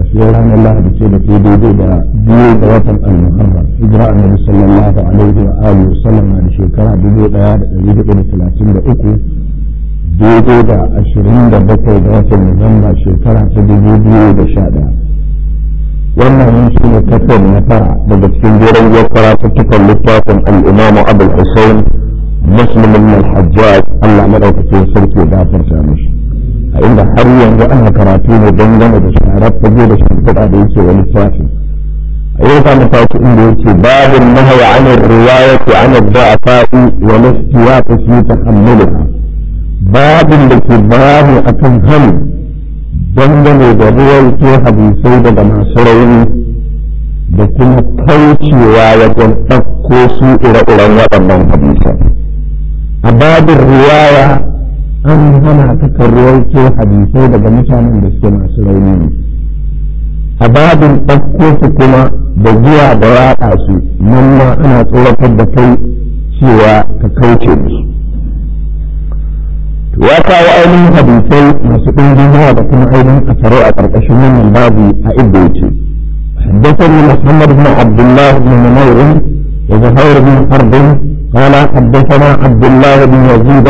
الشافعي رحمه الله بكتابه في دودو بيوم وطن المحرم اجراء النبي صلى الله عليه واله وسلم على شوكرا بيوم بيوم بيوم بيوم بيوم بيوم دودو دا عشرين دا بكر دا وطن نوفمبر شوكرا بيوم بيوم بيوم بيوم بيوم بيوم بيوم بيوم بيوم بيوم بيوم بيوم الإمام أبو الحسين مسلم بن الحجاج الله ملكه في سلطة دافر سامش a inda har yanzu ana karatu ne dangane da sharar fage da shimfiɗa da yake wani sashi a yau za mu inda yake babin nahaya an riwayati an da'afa'i wa ta fi tahammuliha babin da ke bayani akan hannu dangane da ruwaito hadisai daga masu rauni da kuma kaucewa wajen ɗauko su ire-iren waɗannan hadisan a babin riwaya an hana ta karwaito hadisai daga mutanen da suke masu rauni ne a babin ɗauko su kuma da zuwa da yaɗa su nan ma ana tsoratar da kai cewa ka kauce musu ya kawo ainihin hadisai masu ɗumbin yawa da kuma ainihin asaro a ƙarƙashin wannan babu a inda yake حدثني محمد بن عبد الله بن نمير وزهير بن حرب قال حدثنا عبد الله بن يزيد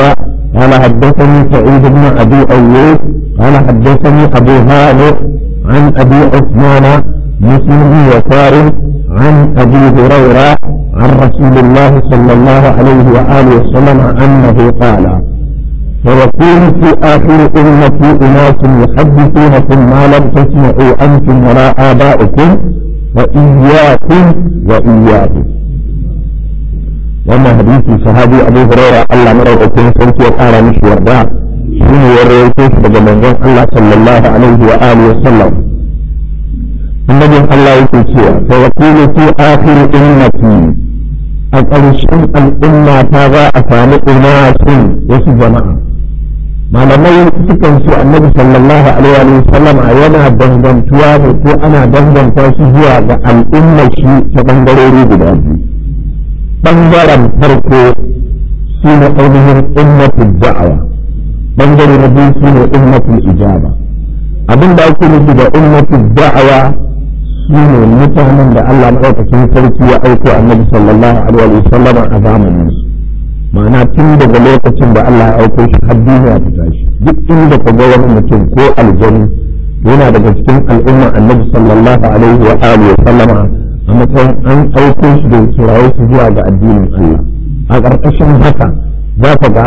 قال حدثني سعيد بن أبي أيوب قال حدثني أبو هانئ عن أبي عثمان مسلم يسار عن أبي هريرة عن رسول الله صلى الله عليه وآله وسلم أنه قال ويكون في آخر أمتي أناس يحدثونكم ما لم تسمعوا أنتم ولا آباؤكم وإياكم وإياكم wannan hadisi sahabi abu huraira Allah maraukakin sarki ya kara mishi yarda shi ne ya rawaito shi daga manzon Allah sallallahu alaihi wa alihi wa sallam annabin Allah yake cewa fa yaqulu fi akhir ummati a ƙarshen al'umma ta za a samu umasun wasu jama'a malamai sukan su annabi sallallahu alaihi wa sallam a yana dangantuwa ne ko ana danganta shi zuwa ga al'ummar shi ta bangarori guda biyu ɓangaren farko su ne ainihin ummatul da'awa ɓangare na biyu su ne ummatul ijaba abin da ake nufi da ummatul da'awa su ne mutanen da Allah maɗaukakin sarki ya aiko annabi sallallahu alaihi wa sallam a zamanin su ma'ana tun daga lokacin da Allah ya aiko shi har duniya ta tashi duk inda ka ga wani mutum ko aljanu yana daga cikin al'umma annabi sallallahu alaihi wa alihi wa sallama a matsayin an aiko shi da kiraye su zuwa ga addinin Allah a ƙarƙashin haka za ka ga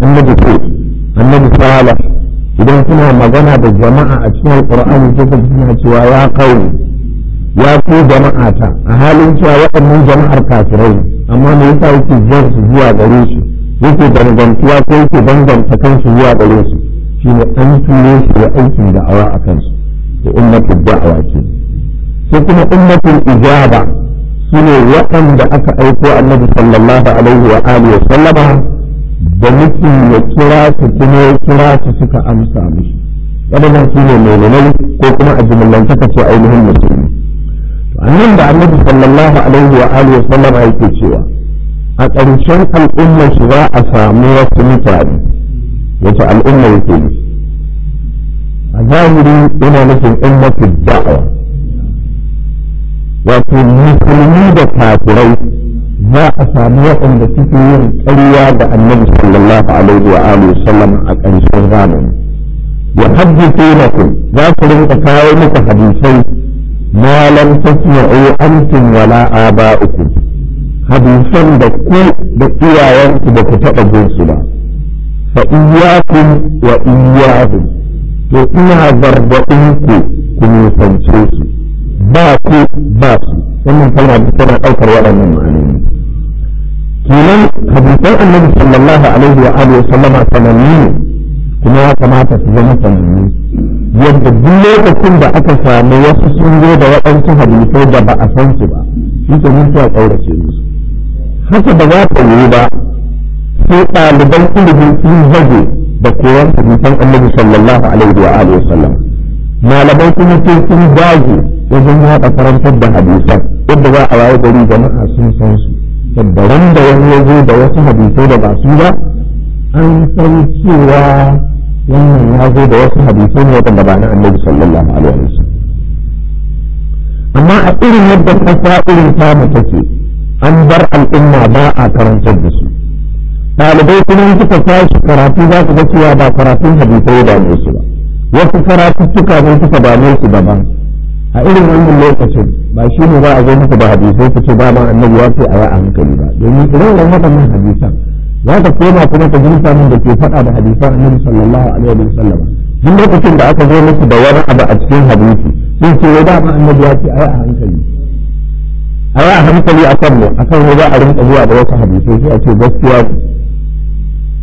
annabi ko annabi salih idan kuna magana da jama'a a cikin alƙur'ani ko ka suna cewa ya kawo ya ku jama'a ta a halin cewa waɗannan jama'ar kafirai amma me yasa yake jan su zuwa gare su yake dangantuwa ko yake danganta kansu zuwa gare su shine an tune shi da aikin da'awa a kansu da ummatul da'awa ce sai kuma ummatul ijaba sune waɗanda aka aiko annabi sallallahu alaihi wa alihi wa sallama da miki ya kira su kuma ya kira su suka amsa mishi waɗannan su ne ko kuma a jimillance ka ce ainihin musulmi annan da annabi sallallahu alaihi wa alihi wa sallama yake cewa a ƙarshen al'ummar shi za a samu wasu mutane wata al'umma yake yi a zahiri yana nufin ummatul da'awa wato musulmi da kafirai za a samu waɗanda suke yin ƙarya da annabi sallallahu alaihi wa alihi sallam a ƙarshen zamani wa haddace na za ku rinka kawo muku hadisai ma lam tasma'u antum wala aba'ukum hadisan da ku da iyayenku ba ku taɓa jin su ba fa iyyakum wa iyyahum to ina zargaɗin ku ku nisance su ba ku ba su wannan kalma da tana ɗaukar waɗannan ma'anoni kenan hadisan annabi sallallahu alaihi wa alihi sallama sananni ne kuma ya kamata su zama sananni yadda duk lokacin da aka samu wasu sun zo da waɗansu hadisai da ba a san su ba shi ke mutu a ƙaurace musu haka ba za ta yi ba sai ɗaliban ilimin sun zage da koyon hadisan annabi sallallahu alaihi wa alihi sallam malamai kuma ce sun dage wajen yaɗa karantar da hadisan yadda za a waye gari maka sun san su yadda da wani ya zo da wasu hadisai da ba su ba an san cewa wannan ya zo da wasu hadisai ne wadanda ba na annabi sallallahu alaihi wasallam amma a irin yadda kasa irin samu take an bar al'umma ba a karantar da su ɗalibai kuma suka tashi karatu za su ga cewa ba karatun hadisai ba ne su ba wasu karatuttuka ne suka ba mai su daban a irin wannan lokacin ba shi ne ba a zo muku ba hadisai ku ce ba ma annabi ya ce a yi a hankali ba domin irin waɗannan hadisan za ka koma kuma ka jinta samun da ke faɗa da hadisan annabi sallallahu alaihi wa sallam duk lokacin da aka zo musu da wani abu a cikin hadisi sun ce wai ba ma annabi ya ce a yi a hankali a yi a hankali a kan mu a kan mu za a rinka zuwa da wasu hadisai sai a ce gaskiya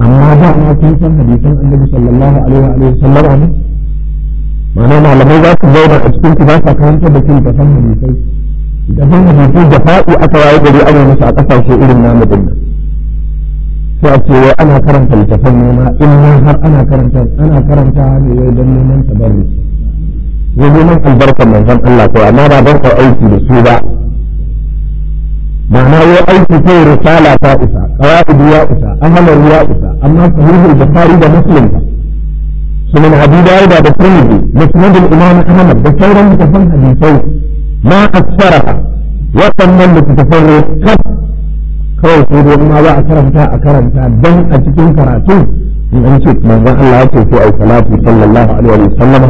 amma ba ma kun san hadisan annabi sallallahu alaihi wa sallam ne ma'ana malamai za su zauna a cikin ku ba sa karantar da su da san hadisai da san hadisai da fa'i aka waye gari ana musu a kasashe irin namu din nan sai a ce wai ana karanta littafan noma in ma har ana karanta ana karanta ne wai don neman tabarru wai neman albarkar manzon Allah ko amma ba ka aiki da su ba ma'ana wai aiki sai risala ta isa qawaidu ya isa ahmar ya isa amma sahihul bukhari da muslim ba sunan abi dawud da tirmidhi musnad al-imam ahmad da sauran littafan hadisai ma aksara waɗannan littafan kaf kawai sai dai ma za a karanta a karanta dan a cikin karatu in an ce manzon Allah ya ce ko ai salatu sallallahu alaihi wa sallam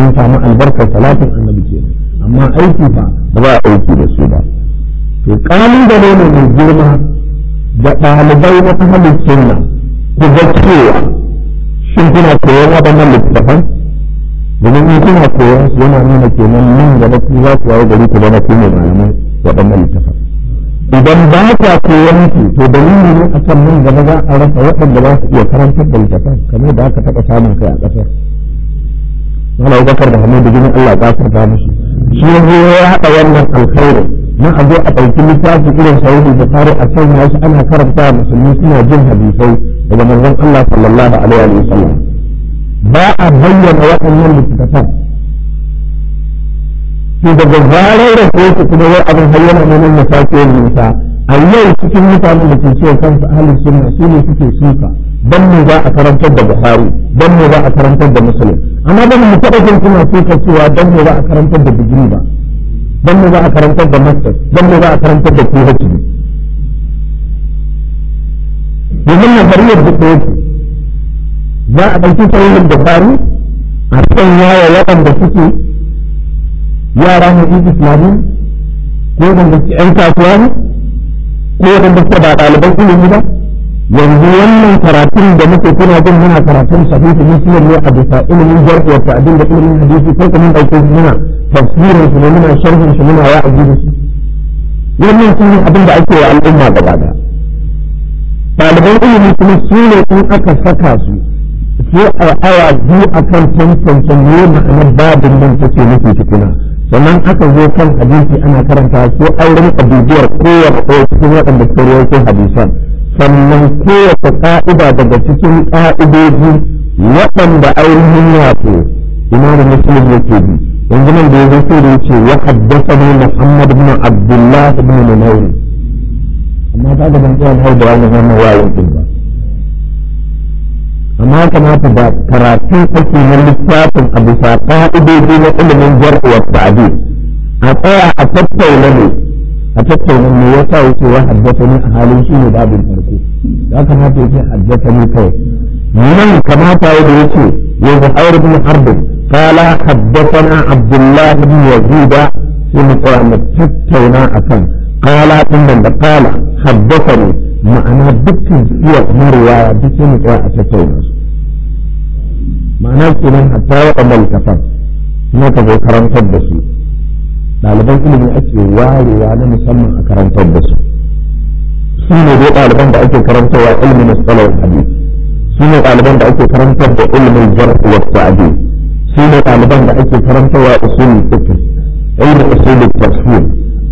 an samu albarkar salatin annabi kenan amma aiki ba ba za aiki da su ba to kalubale ne mai girma da ɗalibai na ahalin sunna da cewa shin kuna koyon waɗannan littafan domin in kuna koyon su yana nuna kenan nan gaba ku za ku waye gari ku zama ku ne malaman waɗannan littafan idan ba ka koyon su to dalili ne a kan nan gaba za a rasa waɗanda za su iya karantar da littafan kamar da aka taɓa samun kai a ƙasar wala bakar da hamadu jinin Allah ba ta musu shi yanzu ya haɗa wannan alkhairin na a zo a ɗauki littafi irin sauri da fari a can wasu ana karanta musulmi suna jin hadisai daga manzon Allah sallallahu alaihi wa sallam ba a bayyana waɗannan littattafan to daga zarar da ko su kuma wai abin hayyana ne nan ya ne yin a yau cikin mutanen da ke cewa kansu ahli sunna su ne suke suka dan me za a karantar da Buhari dan me za a karantar da Muslim amma ba mu taɓa jin suna suka cewa dan me za a karantar da digiri ba dan me za a karantar da master dan me za a karantar da PhD domin nazariyar duk da yake za a ɗauki da bukari a cikin wa waɗanda suke yara na islami ko wanda suke ‘yan kasuwa ne ko waɗanda suke ba ɗaliban ilimi ba yanzu wannan karatun da muke kuna jin muna karatun sahihi muslim ne a bisa ilimin jarfi wa ta'dil da ilimin hadisi ko kuma dauke muna tafsirin su ne muna sharhin shi muna wa'azi da shi wannan shine abin da ake wa al'umma gaba daya ɗaliban ilimi kuma su ne in aka saka su su a awa biyu a kan tantance ne ma'anar babin nan take nufi tukuna sannan aka zo kan hadisi ana karanta sai auren abubuwar kowar ko cikin waɗanda ke rawaito hadisan sannan kowace ƙa'ida daga cikin ƙa'idoji waɗanda ainihin wato imamu muslim yake bi yanzu nan da ya zo sai da ya ce wa haddasa ne muhammad bin abdullahi bin amma ba da ban tsawon har da wani wannan wayan din ba amma kamata da karatu ake na littafin a bisa ƙa'idoji na ilimin jar'uwar sa'adu a tsaya a tattauna ne a tattauna ne ya sa wuce wa haddasa ne a halin shi ne babin farko ya kamata ya ce haddasa ne kai nan kamata ya da ya yanzu aure bin harbin قال حدثنا عبد الله بن يزيد في مقام التتونا أكن qala din da qala haddathani ma'ana dukkan iya marwaya dukkan mutuwa a tattauna su ma'ana kenan hatta waɗannan kafar na ka zo karantar da su ɗaliban ilimi ake warewa na musamman a karantar da su su ne dai da ake karantarwa ilimin musalar hadis su ne ɗaliban da ake karantar da ilimin jarh wa ta'dil su da ake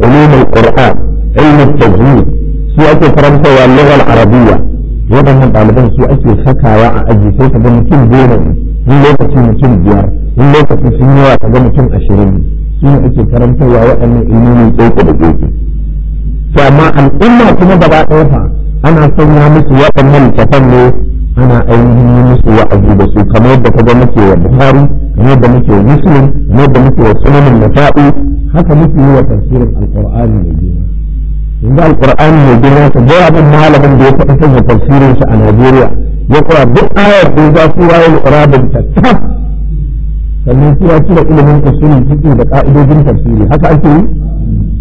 علوم القرآن علم التجويد سوء أكي فرنسا واللغة العربية يبقى من طالبان سوء أكي واع أجي سيسا بمتين دينا من لوكة متين ديار من لوكة سنوة بمتين أشرين سوء أكي فرنسا وأن علمون الجوكة بجوكة فما إما كما بقى أوفا أنا سنوى مثل وقت من الكتن ana ainihin yi musu wa'azi da su kamar da kaga muke wa buhari kamar da muke wa muslim kamar da muke wa sunanin nasa'i haka muke yi wa tafsirin alqur'ani mai jira yanzu alqur'ani mai girma ta bai abin malamin da ya faɗa sanya tafsirin shi a najeriya ya kura duk ayar da ya su waye alqur'anin ta ta sannan su ya cire ilimin usulin fiqh da ka'idojin tafsiri haka ake yi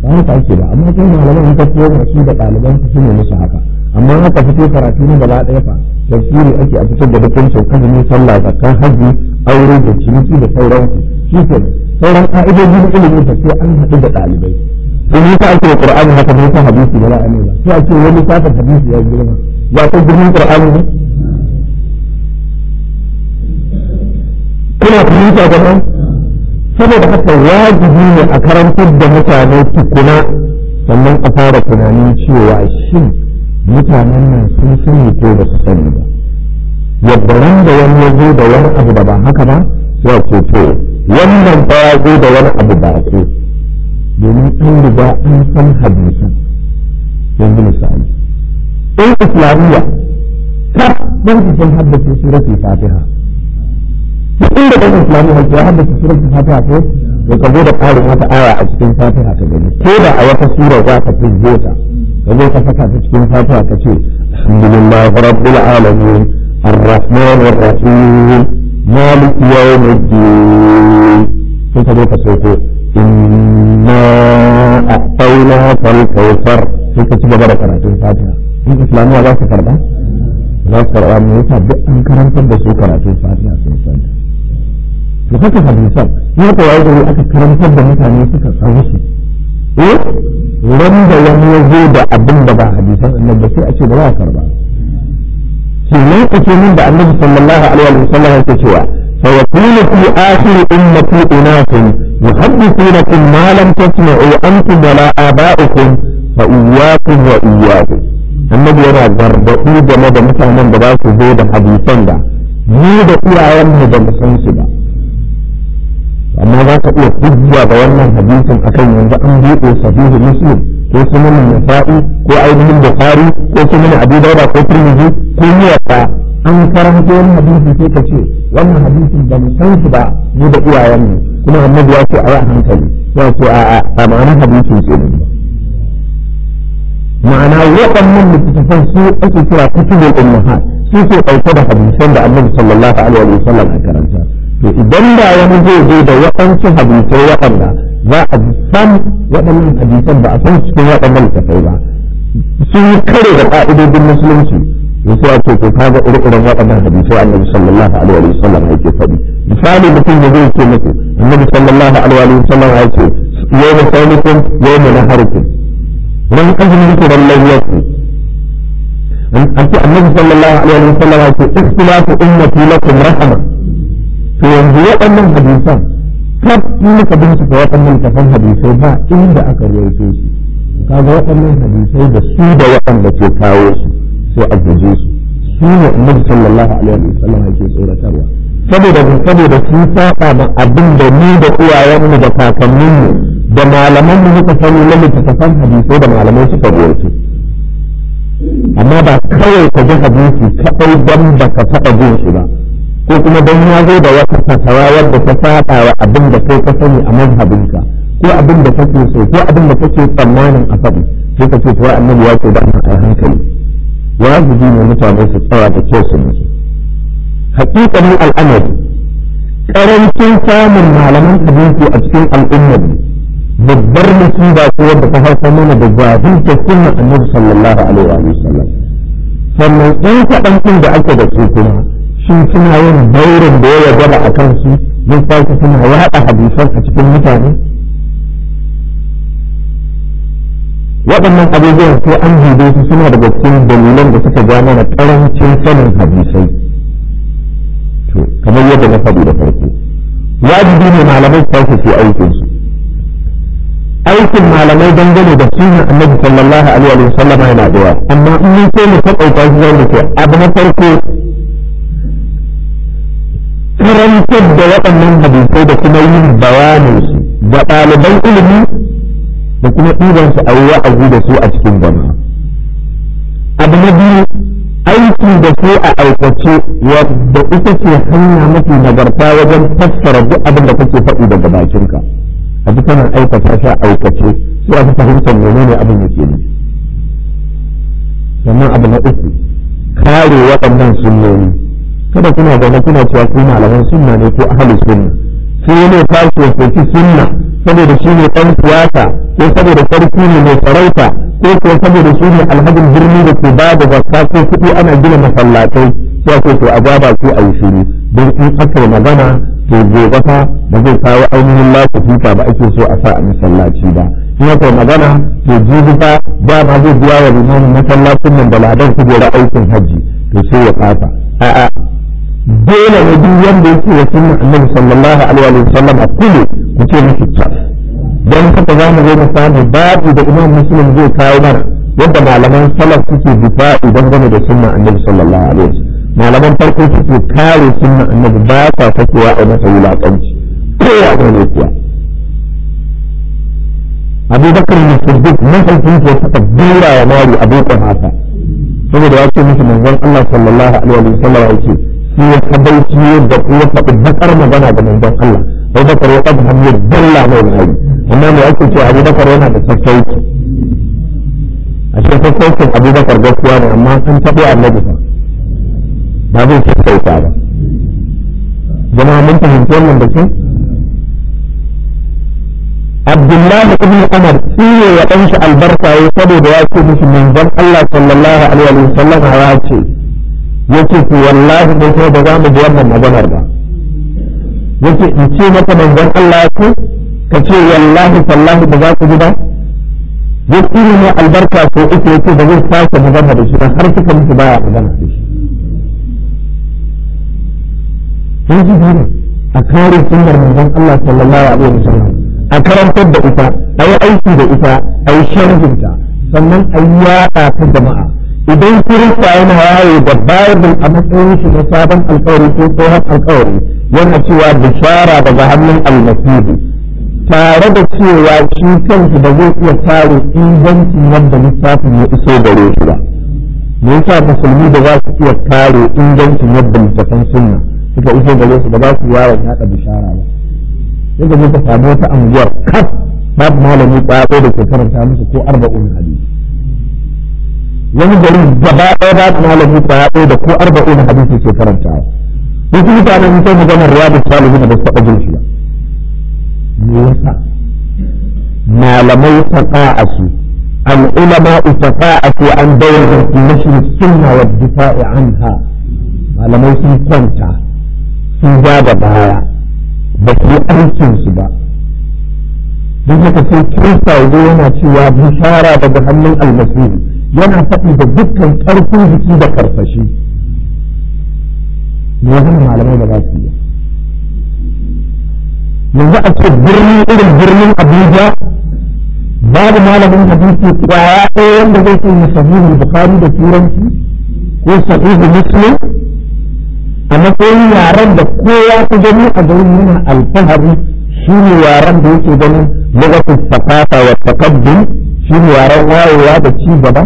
ba haka ake ba amma kuma malaman in ka ciyo da ɗaliban su ne musu haka amma haka fito karatu na gaba ɗaya fa tafsiri ake a fitar da shekaru ne sallah zakka haji aure da ciniki da sauran shi ke sauran ka'idoji na ilimin ta sai an haɗu da ɗalibai in yi ta ake da ƙur'ani haka ne ta hadisi ba za ba nuna sai a ce wani sata hadisi ya girma ya kai girman ƙur'ani ne kuna fahimta ga nan saboda haka wajibi ne a karantar da mutane tukuna sannan a fara tunanin cewa shin mutanen nan sun sani ko ba su sani ba yadda wanda wani ya zo da wani abu da ba haka ba ya ce to wannan ba ya zo da wani abu ba ko domin an riga an san hadisi yanzu misali in islamiyya ka ban su san haddace suratul fatiha da ban islamiyya ya haddace suratul fatiha ko ya ka zo da ƙarin wata aya a cikin fatiha ta gani ko da a wata sura za ka fi jota. ka ka saka ta cikin fatiha ka ce alhamdulillah rabbil alamin arrahman arrahim malik yawmiddin sai ka zo ka sauko inna a'tayna fal kawthar sai ka ci gaba da karatun fatiha in islamiya za su karba za su karba mu yasa duk an karantar da su karatun fatiha sai sani da haka hadisan ne ka yayi aka karantar da mutane suka san su eh wanda wani ya zo da abin da ba hadisan annabi sai a ce ba za a karba ne ake min da annabi sallallahu alaihi wa sallam yake cewa fa yakunu fi akhir ummati unasun yuhaddithunakum ma lam tasma'u antum wa la aba'ukum fa iyyakum wa iyyahu annabi yana gargaɗi game da mutanen da za su zo da hadisan da ni da iyayen mu da mu san su ba amma za ka iya hujja da wannan hadisin akan yanzu an buɗe sahihu muslim ko sunan nasa'i ko ainihin bukhari ko sunan abu dauda ko tirmidhi ko miyaka an karanto wani hadisin sai ka ce wannan hadisin ba mu san shi ba mu da iyayen mu kuma annabi ya ce a yi hankali ya ce a a a ma'anar hadisin ce ne ma'ana waɗannan littattafan su ake kira kutubul ummahat su ke ɗauke da hadisan da annabi sallallahu alaihi wa sallam a karanta to idan da wani zai zo da waɗansu hadisai waɗanda za a san waɗannan hadisan ba a san cikin waɗannan tafai ba sun yi kare da ƙa'idodin musulunci ya sai a ce ko kaga ire-iren waɗannan hadisai annabi sallallahu alaihi wa sallam yake faɗi misali mutum ya zai ce muku annabi sallallahu alaihi wa sallam ya ce yau da saunikun yau da na harkun ran azumin ku ran layyarku an ce annabi sallallahu alaihi wa sallam ya ce ikhtilafu ummati lakum rahama to yanzu waɗannan hadisan tab muka bincika waɗannan kafan hadisai ba inda aka rawaito su kaga waɗannan hadisai da su da waɗanda ke kawo su sai a guje su su ne annabi sallallahu alaihi wa sallam yake tsoratarwa saboda saboda su saba da abin da ni da uwayenmu da kakanninmu da malaman mu muka sani na littattafan hadisai da malamai suka rawaito amma ba kawai ka ji hadisi kaɗai don ba ka taɓa jin shi ba ko kuma dan ya zo da wata fatawa wadda ta fada wa abin da kai ka sani a mazhabinka ko abin da kake so ko abin da kake tsammanin a faɗi sai ka ce to annabi ya ce da a hankali wajibi ne mutane su tsawa da kyau su nutsu hakikanin al'amari karancin samun malaman hadisi a cikin al'ummar babbar musiba ko wadda ta haifa mana da jahilta sunna annabi sallallahu alaihi wa sallam sannan in kaɗan ɗin da ake da su kuma sun suna yin daurin da ya gaba a kansu don sauki suna yaɗa hadisan a cikin mutane waɗannan abubuwan ko an hibe su suna daga cikin dalilan da suka ja mana ƙarancin sanin hadisai to kamar yadda na faɗi da farko wajibi ne malamai su ke aikin su aikin malamai dangane da sunan annabi sallallahu alaihi wa sallama yana da yawa amma in mun so mu ɗauka shi da ce abu na farko karantar da waɗannan hadisai da kuma yin bayanin su ga ɗaliban ilimi da kuma ɗiban su a yi a da su a cikin jama'a abu na biyu aiki da su a aikace wadda ita ce hanya mafi nagarta wajen fassara duk abin da kake faɗi daga bakinka a ji kana aikata shi aikace sai a fi fahimtar ne abin yake ne sannan abu na uku kare waɗannan sunnoni kada kuna zaune kuna cewa ku malaman sunna ne ko hali sunna sai yana tashi ya ki sunna saboda shi ne ɗan siyasa ko saboda sarki ne mai sarauta ko kuwa saboda shi ne alhajin birni da ke ba da zakka ko kuɗi ana gina masallatai ya ce to a baba su a yi shiru don in aka magana to gobe fa ba zai kawo ainihin lakuta ba ake so a sa a masallaci ba in aka magana to jibi fa ba ma zai biya wa limamin masallacin nan da ladan kujera aikin hajji to sai ya kasa. a'a dole ne duk wanda yake wa sunnan annabi sallallahu alaihi wa sallam a kullu mu ce ta don haka za mu zo mu samu babu da imam muslim zai kawo mana yadda malaman salaf suke difa idan gane da sunna annabi sallallahu alaihi wa sallam malaman farko suke kare sunna annabi ba sa fakewa a masa wulaƙanci ko ya ga ne kuwa abubakar ne siddiq mafarkin ke saka dura wa mari abokan hasa saboda ya ce musu manzon Allah sallallahu alaihi wa sallam ya ce shi ya kabaici da kuma faɗi bakar magana da manzon Allah Abu Bakar ya kada hanyar dalla mai hali amma mai ake cewa Abu Bakar yana da sassauci a shi sassaucin Abu Bakar gaskiya ne amma an taɓa annabi fa ba zai sassauta ba jama'a mun fahimci wannan da abdullahi ibn umar shine ya ɗanshi albarka ya saboda ya ce musu manzon allah sallallahu alaihi wa sallam ya ce yace ku wallahi ne sai ba za mu ji wannan maganar ba yace in ce maka manzon allah ya ce ka ce wallahi sallahi ba za ku ji ba duk irin albarka ko uku yake da zai sake magana da shi har suka mutu baya magana da shi sun a kare sunnar manzon Allah sallallahu alaihi wasallam a karantar da ita a yi aiki da ita a yi sharhinta sannan a yi yaɗa ta jama'a idan kirista yana yawo da bible a matsayin shi na sabon alkawari ko tsohon alkawari yana cewa bishara daga hannun almasihu tare da cewa shi kansa da zai iya tare ingancin yadda littafin ya iso gare shi ba me yasa musulmi da za su iya kare ingancin yadda littafin sunna suka iso gare su ba za su yawo yaɗa bishara ba yadda zai ta samu wata anguwar kaf babu malami kwaya da ke karanta musu ko arba'un hadisi wani garin gaba ɗaya babu malami kwaya da ko arba'un hadisi ke karantawa wasu mutane sai mu gama riyadu salihin da su taɓa jin shi ba me yasa malamai taqa'asu al'ulama su an dawra fi nashr sunna wa difa'i ha malamai sun kwanta sun ja da baya ba ku yi su ba don haka sai kirista ya yana cewa bishara daga hannun almasihu yana faɗi da dukkan ƙarfin jiki da karfashi ne wani malamai da za su yi yanzu a ce birni irin birnin abuja babu malamin hadisi kwaya ɗaya wanda zai ce musamman bukari da turanci ko sahihu muslim a matsayin yaren da kowa ta gani a garin yana alfahari shi ne yaren da yake ganin lokacin fasafa wa takaddum shi ne yaren wayewa da ci gaba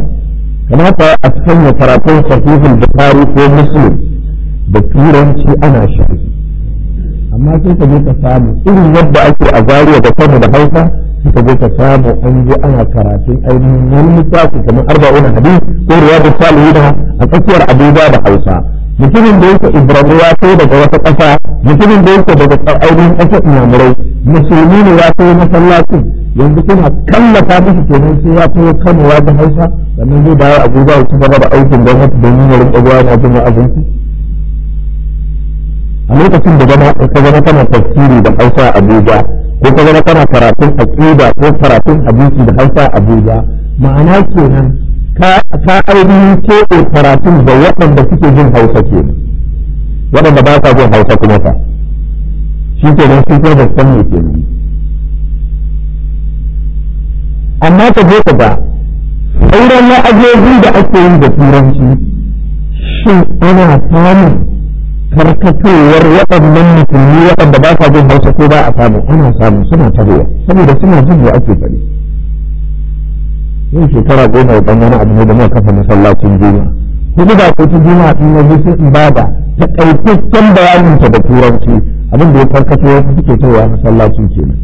kamata a cikin ya karatun sahihul bukhari ko muslim da turanci ana sharhi amma sai ka je ka samu irin yadda ake a zariya da kano da hausa ka je ka samu an je ana karatun ainihin wani littafi kamar arba'una hadith ko riyadu salihina a tsakiyar abubuwa da hausa mutumin da yake ibrahim ya kai daga wata ƙasa mutumin da yake daga ainihin ƙasar inyamurai musulmi ne ya kai masallacin yanzu kuma kallafa musu kenan sai ya kai kano ya ga hausa sannan zai dawo abuja ya gaba da aikin gwamnati domin ya rinƙa gwamnati na abinci a lokacin da zama ka gama kana tafsiri da hausa a abuja ko ka kana karatun aƙida ko karatun abinci da hausa abuja ma'ana kenan ka ainihin keɓe karatun da waɗanda suke jin hausa ke waɗanda ba sa jin hausa kuma fa shi ke nan ke da san ne ke nan amma ka je ka ga sauran wa'azozi da ake yin da turanci shin ana samun karkatowar waɗannan musulmi waɗanda ba sa jin hausa ko ba a samu ana samu suna tarewa saboda suna jin da ake fari. yin shekara goma ya ɗan na abu da muka kafa masallacin juma'a hudu da kotun juma'a in na bi sun ibada ta bayanin ta da turanci abin da ya farkato ya suke cewa masallacin kenan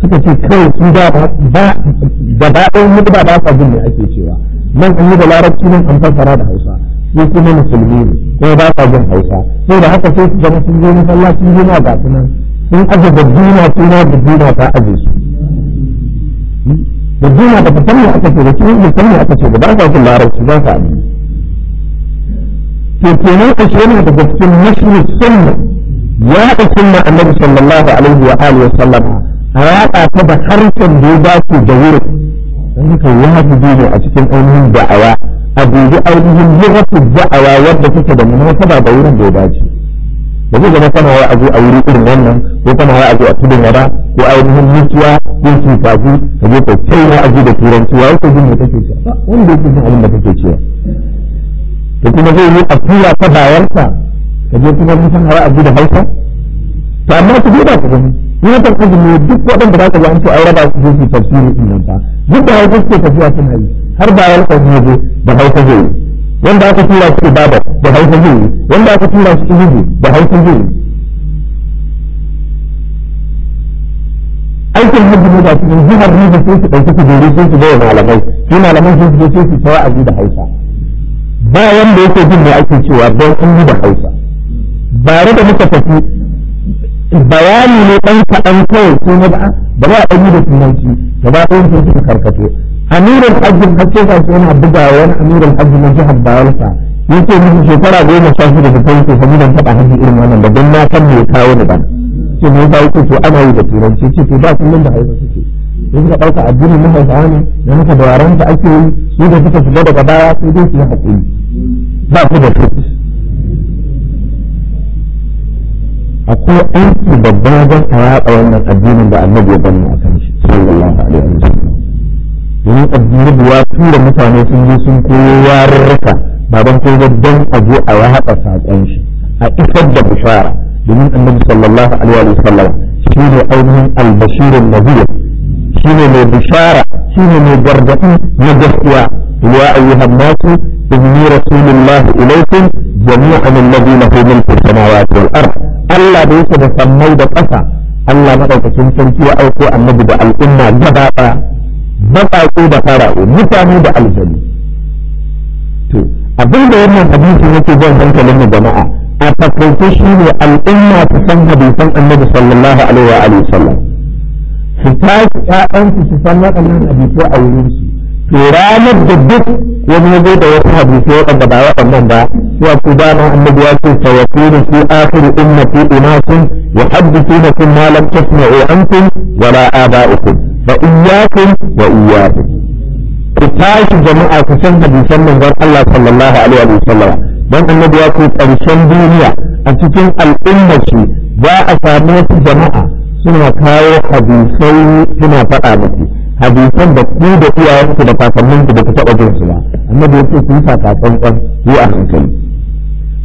suka ce kai su da ba gaba ɗayan mu ba ba sa jin me ake cewa nan an yi da larabci nan an fassara da hausa su kuma musulmi ne kuma ba sa jin hausa sai da haka sai su zama sun zo masallacin juma'a ga su nan sun aje da juna suna da juna ta aje su da duniya da fasar ne aka ce da cikin da sanne aka ce da ba sa larabci ba sa a shi mashirin ya sunna annabi sallallahu alaihi wa sallam a ta da harshen da ya da wurin ne a cikin ainihin da'awa a dubi ainihin lugatu da'awa wadda take da munasaba da wurin da ya dace da zai zama kana wai abu a wuri irin wannan ko kana wai abu a tudun yara ko ainihin mutuwa ko kifafi ka je ka kai na abu da turanci wa yake jin me ke cewa wanda yake jin abin da kake cewa to kuma zai yi tura ta bayarsa ka je kuma san hawa abu da hausa to amma ku duba ku gani ni na farko ne duk waɗanda za ka ga an ce ai raba su su tafsiri din nan ba duk da hausa suke tafiya suna yi har bayarsa ne da hausa zai yi wanda aka tura su babar da hausa zai wanda aka tura su ihu da hausa zai aikin hajji ne da su yin jihar ne da sai su ɗauki su gobe sai su bai malamai su malamai sai su je sai su tawa a da hausa ba wanda yake jin da ake cewa don an yi da hausa bare da muka tafi bayani ne ɗan kaɗan kawai ko na ba ba za a ɗan yi da sunanci gaba ɗayan sun suka karkato amirin hajjin hajjin kasu yana buga wani amirin hajji na jihar bayelsa yake musu shekara goma sha shida da ta wuce saboda taɓa hajji irin wannan da don na san mai kawo ni bana ce me yasa yake to ana yi da turanci ce to ba kullum da hausa suke in ka ɗauka addini na hausawa ne da haka da yaran da ake yi su da suka shiga daga baya sai dai su yi haƙuri ba ku da turanci akwai aiki babban wajen a yaɗa wannan addinin da annabi ya gani a kan shi sallallahu alaihi wasallam domin annabuwa tura mutane sun je sun koyo yarurruka baban koyo don a zo a yaɗa saƙon shi a isar da bishara domin annabi sallallahu alaihi wa sallam shi ne ainihin albashirin nabiya shi ne mai bishara shi ne mai gargaɗi na gaskiya ya ayyuhan nasu inni rasulullahi ilaikum jami'an alladhi lahu mulku samawati wal ard Allah da yake da sammai da ƙasa Allah madaukakin sarki ya aiko annabi da al'umma gaba ɗaya baƙaƙo da fara'u mutane da aljani to abin da wannan hadisin yake jan hankalin mu jama'a a takaice shi ne al'umma ta san hadisan annabi sallallahu alaihi wa alihi sallam su tashi ƴaƴansu su san waɗannan hadisai a wurin su to ranar da duk wani ya zo da wasu hadisai waɗanda ba waɗannan ba cewa ku dama annabi ya ce tawakkulu fi akhiri ummati unasun yuhaddithuna kum ma lam tasma'u antum wala aba'ukum wa iyyakum da iyyakum ku tashi jama'a ku san hadisan manzon Allah sallallahu alaihi wa sallam dan annabi ya ku karshen duniya a cikin al'umma shi za a samu wasu jama'a suna kawo hadisai suna faɗa miki hadisan da ku da iyayenku da kakanninku da ku taɓa jin su ba annabi ya ce ku yi kan yi a hankali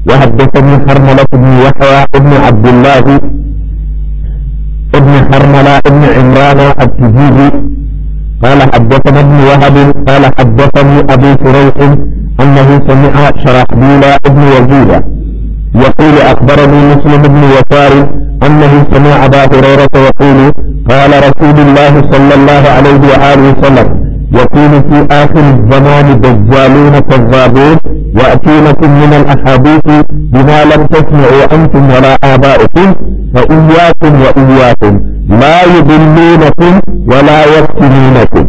وحدثني حرملة بن يحيى بن عبد الله ابن حرملة ابن عمران التجيبي قال حدثنا ابن وهب قال حدثني أبو فريح أنه سمع شرحبيل ابن وزيرة يقول أخبرني مسلم بن يسار أنه سمع أبا هريرة يقول قال رسول الله صلى الله عليه وآله وسلم يكون في آخر الزمان دجالون كذابون وأتينكم من الأحاديث بما لم تسمعوا أنتم ولا آباؤكم فإياكم وإياكم لا يضلونكم ولا يفتنونكم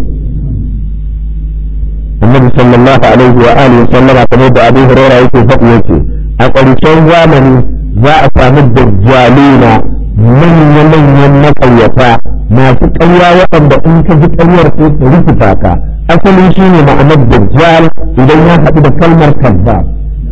النبي صلى الله عليه وآله وسلم كما يدعى أبي هريرة يكي فقيتي أقول شوى من ذا أسامد الدجالين من يمن يمن قيتا masu ƙarya waɗanda in ka ji ƙaryar ko ta rikita ka asalin shi ne ma'anar dajjal idan ya haɗu da kalmar kazzab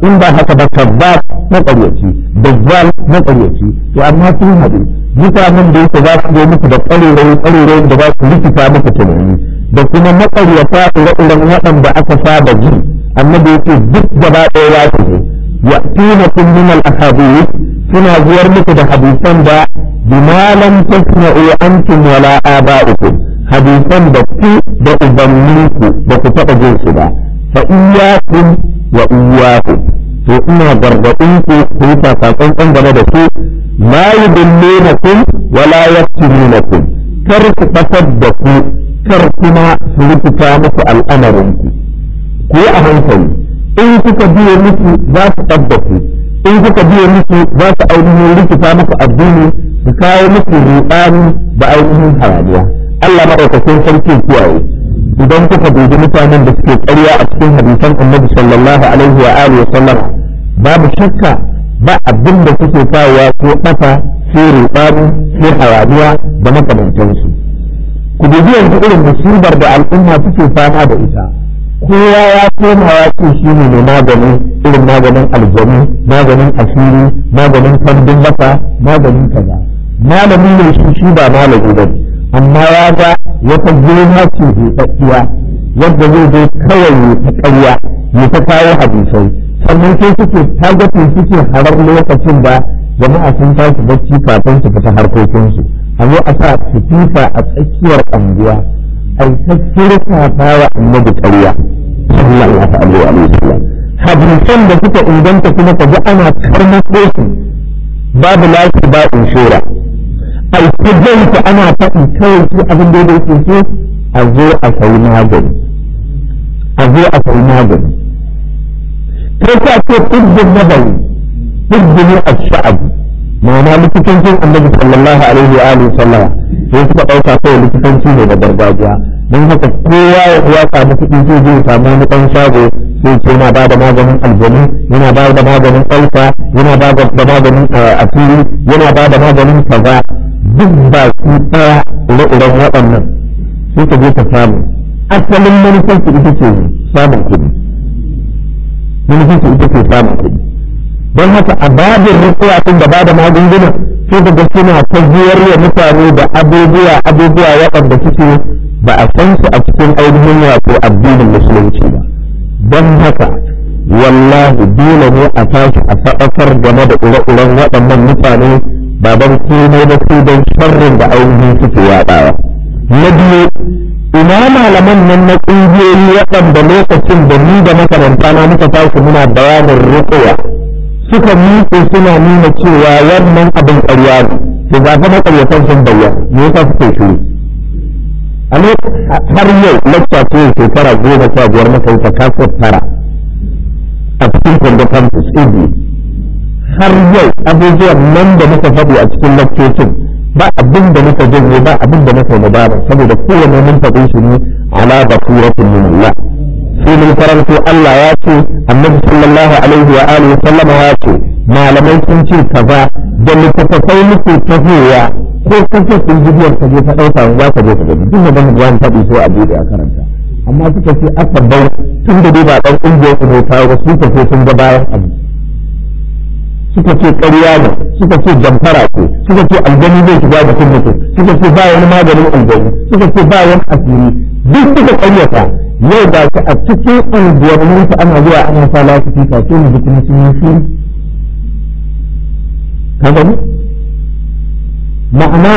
in ba haka ba kazzab maƙaryaci dajjal ƙaryaci to amma sun haɗu mutanen da yake za su zo muku da ƙarerai ƙarerai da za su rikita muku tunani da kuma maƙaryata ire-iren waɗanda aka saba ji annabi yake duk gaba ɗaya ya ce ya ya'tuna kun min al suna zuwar muku da hadisan da bimalan tasma'u antum wala aba'ukum hadisan da ku da ubanninku ba ku taɓa jin su ba fa iyyakum wa iyyakum to ina gargadin ku ku yi tsantsan game da su ma yudillunakum wala yaftinunakum kar ku fasar da ku kar kuma su rufuta muku al'amarin ku ku yi a hankali in kuka biye musu za su tabbata in kuka biya musu za su ainihin rikita muku addini su kawo muku ruɗani da ainihin haramiya Allah maɗaukakin sarki kiyaye idan kuka dubi mutanen da suke ƙarya a cikin hadisan annabi sallallahu alaihi wa alihi wa sallam babu shakka ba abin da suke kawowa ko ɗafa sai ruɗani sai haramiya da makamantansu ku dubi yanzu irin musibar da al'umma suke fama da ita kowa ya koma ya ce shi ne mai maganin irin maganin aljami maganin asiri maganin kandin mata maganin kaza malami ne shi shi ba malami ba amma ya ga wata gona ce buɗaɗɗiya wadda zai zo kawai ya ta ƙarya ya ta kawo hadisai sannan sai suke tagatin suke harar lokacin ba da jama'a sun tashi bacci kafin su fita harkokinsu a zo a sa su a tsakiyar anguwa aikakkin rufa ta wa annabi ƙarya sallallahu alaihi wa sallam hadisan da suka inganta kuma ka ana karmato su babu lafi ba inshora ai kudanta ana faɗi kawai su abin da yake so a zo a sayi magani a zo a sayi magani kai ka ce kuddin nabawi kuddin al-sha'abi ma'ana likitancin annabi sallallahu alaihi wa sallam sallama sai suka ɗauka kawai likitanci ne da gargajiya don haka kowa ya kuwa samu kuɗi zai je samu wani ɗan shago sai ce yana ba da maganin aljanu yana ba da maganin alfa yana ba da maganin eh, asiri yana ba da maganin kaza duk ba su ɗaya ire-iren waɗannan sai ka je ka samu asalin manufar su ita ce samun kuɗi manufar su ita ce samun kuɗi don haka a babin rukuwa tun da ba da magunguna sai ka ga suna ta ziyarwa mutane da abubuwa abubuwa waɗanda suke ba a san su a cikin ainihin wato addinin musulunci ba don haka wallahi dole ne a tashi a faɗakar game da ire waɗannan mutane ba don komai ba sai don sharrin da ainihin suke yaɗawa na biyu ina malaman nan na ƙungiyoyi waɗanda lokacin da ni da makaranta na muka tashi muna bayanin rukuwa suka miƙe suna nuna cewa wannan abin ƙarya ne da ga fa maƙaryatan sun bayyana me yasa suke shiru a har yau lakta ce shekara goma sha biyar na kai ta tara a cikin kwanda campus ibi har yau abubuwan nan da muka faɗi a cikin laktocin ba abin da muka janye ba abin da muka ba saboda kowane mun faɗin shi ne ala basiratin min Allah sai mun karanto Allah ya ce annabi sallallahu alaihi wa alihi sallam ya ce malamai sun ce kaza da littattafai muke tafiya ko kuka sun ji biyar ka je ka ɗauka za ka je ka gani duk da ban ruwan faɗi so a bude a karanta amma suka ce aka bau tun da dai ba ɗan ƙungiyar ku ne kawo ba sun tafi sun ga bayan abu suka ce ƙarya ne suka ce jamfara ce suka ce aljani zai shiga jikin mutum suka ce ba wani maganin aljani suka ce ba wani asiri duk suka ƙaryata yau ba ka a cikin unguwannin ta ana zuwa ana sa lafi ta ce mu jikin sun yi shi ka gani ma'ana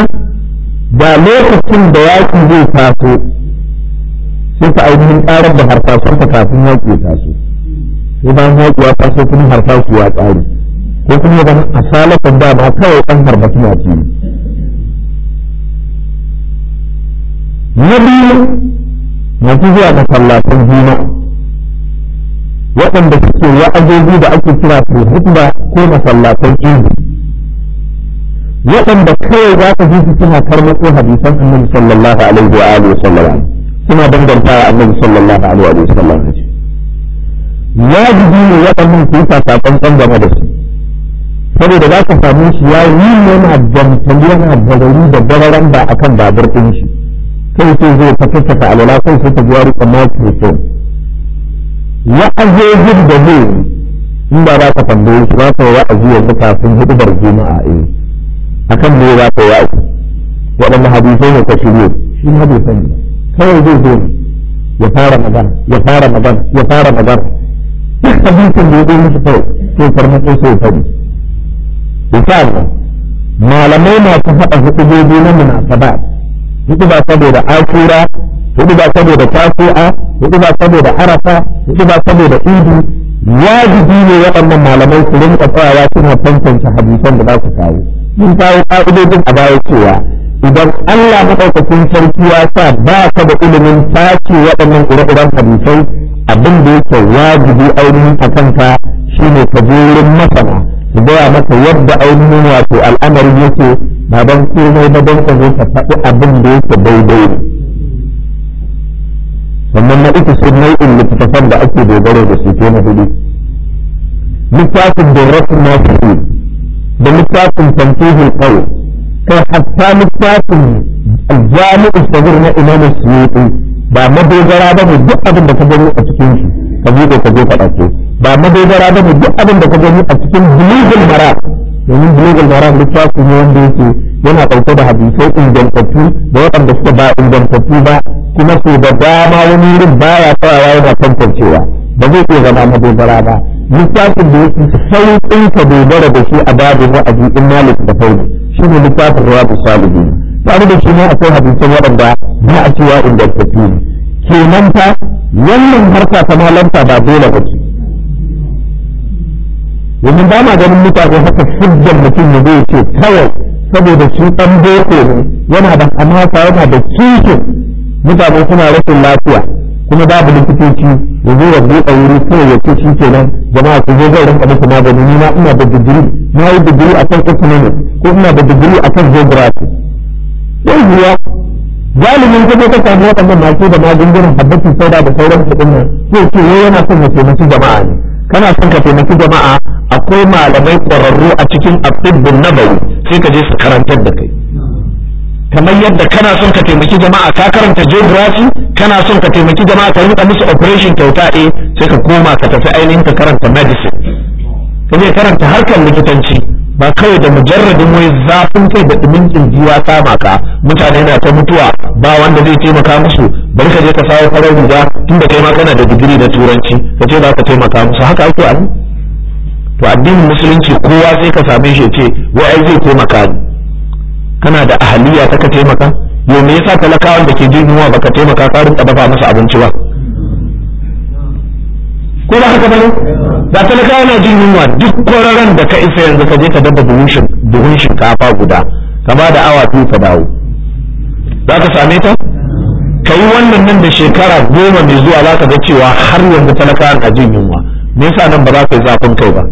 da lokacin da yaƙi zai taso sai ta ainihin ƙarar da harfasun ta kafin yaƙi ya taso sai ba bayan yaƙi ya taso kuma harfasu ya ƙare ko kuma zama a salafin da ba kawai ɗan harfasu na ce na biyu masu zuwa masallatan juma'a waɗanda suke wa'azozi da ake kira su hudba ko masallatan izu waɗanda kawai za ka ji su suna karmatso hadisan annabi sallallahu alaihi wa alihi wa sallam suna danganta wa annabi sallallahu alaihi wa sallam wajibi ne waɗannan su yi sakamakon tsangama da su saboda za ka samu shi ya yi yana dantalin hadarari da dararan ba akan babur ɗin shi sai ce zai fafasa ka alala sai sai ta ji wari ya kirkin wa'azojin da zai in ba za ka tambaye shi ba ka wa'azi yanzu kafin hudubar juma'a eh. a kan ne za ka wa'azi waɗanda hadisai ne ka shirye shi hadisai ne kawai zai zo ne ya fara magana ya fara magana ya fara magana duk hadisin da ya zo mishi kawai sai karmato sai ya fadi misali malamai masu haɗa hudubobi na munasabat hudu ba saboda asura hudu ba saboda tasu'a hudu ba saboda arafa hudu ba saboda idi wajibi ne waɗannan malamai su rinka tsayawa suna tantance hadisan da za su kawo mun kawo ka'idodin a baya cewa idan Allah maɗaukakin sarki ya sa ba ka da ilimin tace waɗannan ƙure-ƙuren hadisai abin da yake wajibi ainihin a kanka shine ka je wurin masana gaya maka yadda ainihin wato al'amari yake ba don komai ba don ka zo ka faɗi abin da yake daidai ne sannan na uku sun nau'in littattafan da ake dogaro da su ke na hudu littafin doratun nasu da littafin tantihul kawai kai hatta littafin jami'in sabir na imamu suyuti ba madogara ba ne duk abin da ka gani a cikin shi ka buɗe ka zo ka ɗauke ba madogara ba ne duk abin da ka gani a cikin bulugul mara domin bulugul mara su ne wanda yake yana ɗauke da hadisai ingantattu da waɗanda suka ba ingantattu ba kuma su da dama wani wurin baya tsayawa yana tantancewa ba zai iya zama madogara ba littafin da yake sauƙin ka dogara da shi a babin wa'azi in malik da faulu shi ne littafin da salihu tare da shi ne akwai hadisan waɗanda ba a cewa ingantattu ne kenan ta wannan harka ta malanta ba dole ba ce domin ba ma ganin mutane haka siddan mutum ne zai ce kawai saboda sun ɗan boko ne yana da amasa yana da kishin mutane suna rashin lafiya kuma babu likitoci da zai ya buɗe wuri kawai ya ce shi kenan jama'a ku zo zai rinka muku magani ni na ina da digiri na yi digiri a kan ekonomi ko ina da digiri a kan geography sai zuwa galibin kuma ka samu waɗannan masu da magungunan habbatin sauda da sauran kuɗin nan sai ce yau yana son ka taimaki jama'a ne kana son ka taimaki jama'a akwai malamai ƙwararru a cikin abdullin nabawi sai ka je su karantar da kai kamar yadda kana son ka taimaki jama'a ka karanta geography kana son ka taimaki jama'a ka rinka musu operation kyauta eh sai ka koma ka tafi ainihin ka karanta medicine ka je karanta harkar likitanci ba kawai da mujarradin wai zafin kai da dumin kirjiya kama ka mutane na ta mutuwa ba wanda zai taimaka musu bari ka je ka sawo farar riga tunda kai ma kana da digiri da turanci ka ce za ka taimaka musu haka ake ni. to addinin musulunci kowa sai ka same shi ce wai zai taimaka ni kana da ahaliya ta ka taimaka yau me yasa talakawan da ke jin yunwa baka taimaka ka rinka dafa masa abinci ba ko ba haka bane ba talakawa na jin yunwa duk kwararan da ka isa yanzu ka je ka dabba buhun shinkafa guda ka ba da awa biyu ka dawo za ka same ta ka yi wannan nan da shekara goma mai zuwa za ka ga cewa har yanzu talakawan a jin yunwa me yasa nan ba za ka yi zafin kai ba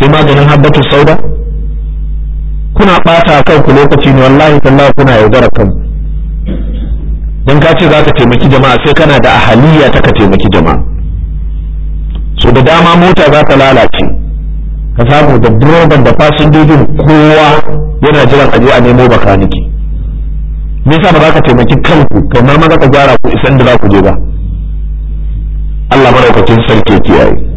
sai maganin habbatu sauda kuna ɓata kanku lokaci ne wallahi tallahi kuna yaudara kanku don ka ce za ka taimaki jama'a sai kana da ahaliya ta ka taimaki jama'a so da dama mota za ta lalace ka samu da direban da fasinjojin kowa yana jiran aje a nemo bakaniki me yasa ba za ka taimaki kanku kamar ma za ka gyara ku isan da za ku je ba Allah maraukakin sarki kiyaye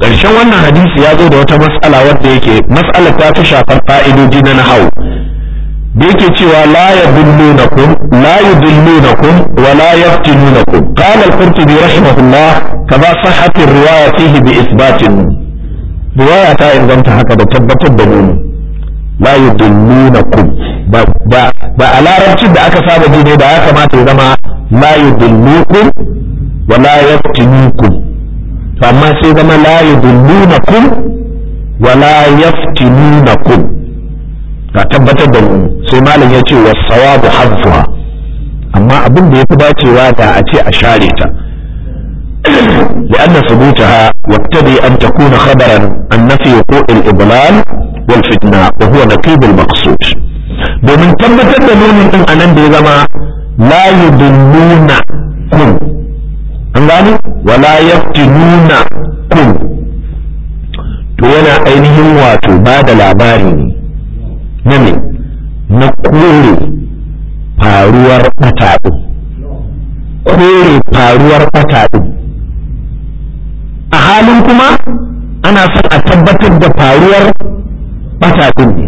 ƙarshen wannan hadisi ya zo da wata mas'ala wadda yake mas'alar ta ta shafar fa'idoji na nahawu da yake cewa la yadullunakum la yudillunakum wa la yaftinunakum qala al-qurtubi rahimahullah kaza sahhatu riwaya fihi bi isbatin riwaya ta inganta haka da tabbatar da mu la yudillunakum ba ba a larabcin da aka saba ji ne da ya kamata ya zama la yudillukum wa la yaftinu yaftinukum amma sai zama la yudullunakum wa la yaftinunakum ga tabbatar da mu sai malam ya ce wa sawabu hazzuha amma abin da ya yafi dacewa da a ce a share ta لأن ثبوتها يقتضي أن ko خبرا عن نفي وقوع الإضلال والفتنة وهو نقيض المقصود domin tabbatar da nunin ɗin anan da ya zama la yudulluna kun gane wala yaftinuna kun to yana ainihin wato ba da labari ne na me na kore faruwar fataɗo kore faruwar fataɗo a halin kuma ana son a tabbatar da faruwar fataɗo ne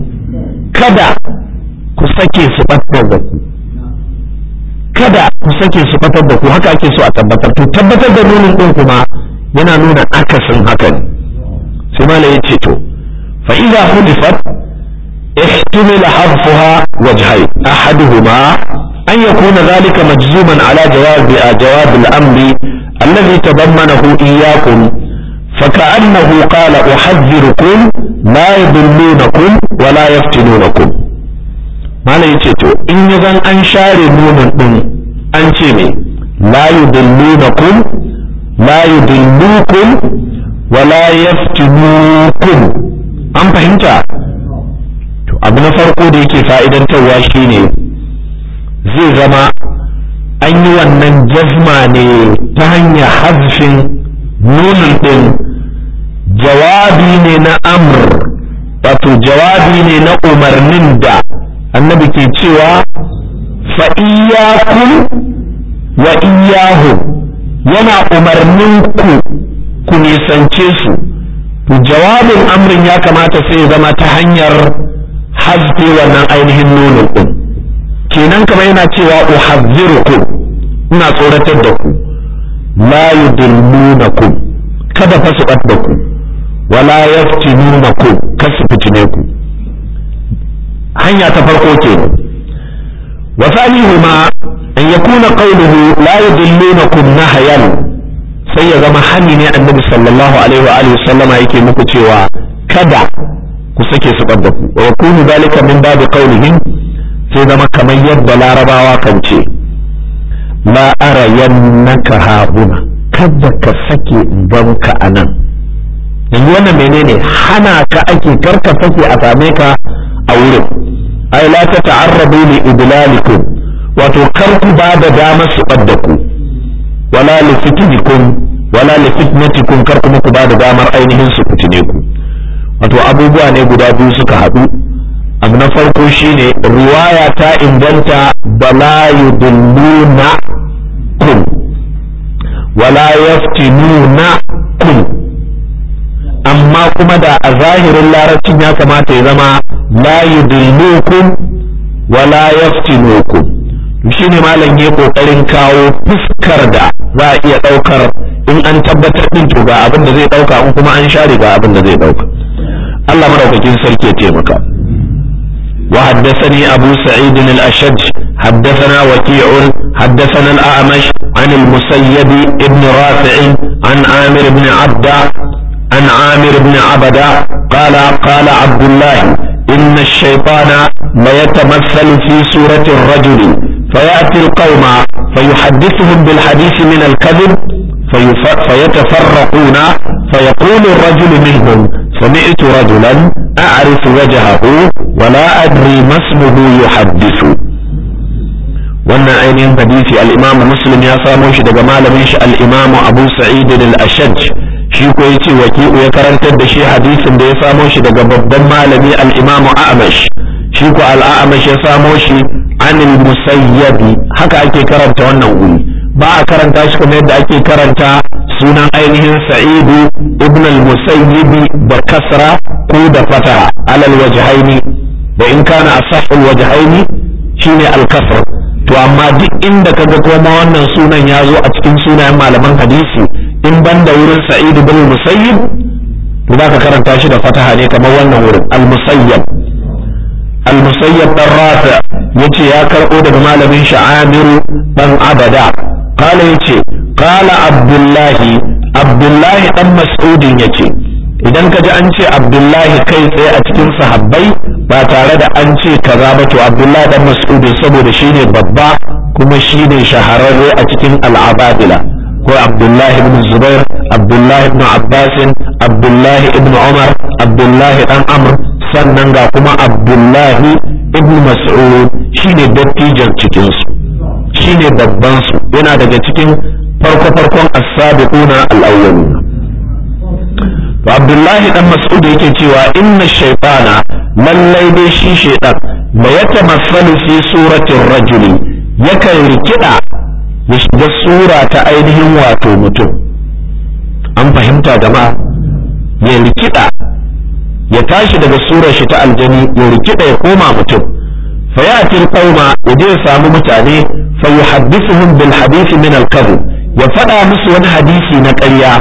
kada ku sake su ɓatar da ku kada ku sake su fatar da ku haka ake so a tabbatar to tabbatar da nunin din kuma yana nuna akasin hakan sai mala ya ce to fa idza hudifat ihtimila harfuha wajhai ahaduhuma an yakuna zalika majzuman ala jawabi jawab al-amri alladhi tadammanahu iyyakum فكأنه قال أحذركم لا يضلونكم ولا يفتنونكم malam ya ce to in ya zan an share nunin ɗin an ce ne la yudillunakum la yudillukum wa la yaftinukum an fahimta to abu na farko da yake fa'idantarwa shine zai zama an yi wannan jazma ne ta hanyar hazfin nunin din jawabi ne na amr wato jawabi ne na umarnin da annabi ke cewa fa iyyakum wa iyyahum yana umarnin ku nisance su to jawabin amrin ya kamata sai ya zama ta hanyar hazbe wannan ainihin nono din kenan kamar yana cewa uhazzirukum ina tsoratar da ku la yudillunakum kada fa su da ku wala yaftinunakum kasu fitine ku hanya ta farko kenan wa thanihuma يكون قوله لا la نهيا nahyan sai ya zama hani ne annabi sallallahu alaihi wa alihi sallama yake muku cewa kada ku sake su ɓadda ku wa kunu dalika min babu qawlihim sai zama kamar yadda larabawa kan ce ara yannaka habuna kada ka sake ganka anan a nan yanzu wannan menene hana ka ake karka sake a same ka a wurin ai la ta ta'arrabu li idlalikum wato kar ku ba da dama su ɓadda ku wala li fitnikum wala li fitnatikum kar kuma ku ba da damar ainihin su fitine ku wato abubuwa ne guda biyu suka haɗu abu na farko shine riwaya ta inganta bala yudulluna kun wala yaftinuna kum amma kuma da a zahirin larabcin ya kamata ya zama لا يضلوكم ولا يفتنوكم shi ne malam ya ƙoƙarin kawo fuskar da za a iya ɗaukar in an tabbatar din to ga abin da zai dauka in kuma an share ga abin da zai dauka Allah madaukakin sarki ya taimaka wa haddathani abu sa'id al ashad haddathana waqi'un haddathana al a'mash an al musayyib ibn rafi' ibn abda an amir ibn abada qala abdullahi. إن الشيطان ليتمثل في سورة الرجل فيأتي القوم فيحدثهم بالحديث من الكذب فيتفرقون فيقول الرجل منهم سمعت رجلا أعرف وجهه ولا أدري ما اسمه يحدث وانا عينين hadisi الإمام imam يا ya دقمال منش الإمام أبو سعيد الأشج shi ko ce waki'u ya karantar da shi hadisin da ya samo shi daga babban malami al Aamash. a'mash shi ko amash ya samo shi anil musayyabi haka ake karanta wannan wuri. ba a karanta shi kamar yadda ake karanta sunan ainihin sa'idu ibn al-musayyibi da kasra ko da fataha alal wajhaini da in kana asahul wajhaini shine al-kasr to amma duk inda kaga koma wannan sunan ya zo a cikin sunayen malaman hadisi in ban da wurin sa'id bin musayyib to za ka karanta shi da fataha ne kamar wannan wurin al-musayyab al-musayyab dan rafi yace ya karbo daga malamin shi amiru dan abada qala yace kala abdullahi abdullahi dan mas'udin yace idan ka ji an ce abdullahi kai tsaye a cikin sahabbai ba tare da an ce kaza ba to abdullahi dan mas'udin saboda shine babba kuma shine shahararre a cikin al-abadila ko abdullahi ibn zubair abdullahi ibn abbas abdullahi ibn umar abdullahi dan amr sannan ga kuma abdullahi ibn mas'ud shine dattijan cikin su shine babban su yana daga cikin farko farkon as-sabiquna al-awwaluna to abdullahi dan mas'ud yake cewa inna shaytana lallai dai shi shaytan la yatamassalu fi surati rajuli yakan rikida ya shiga sura ta ainihin wato mutum an fahimta jama'a ya rikida ya tashi daga surar shi ta aljani ya rikida ya koma mutum fa ya til ya je samu mutane fa yuhaddithuhum bil hadisi min alkazu ya fada musu wani hadisi na ƙarya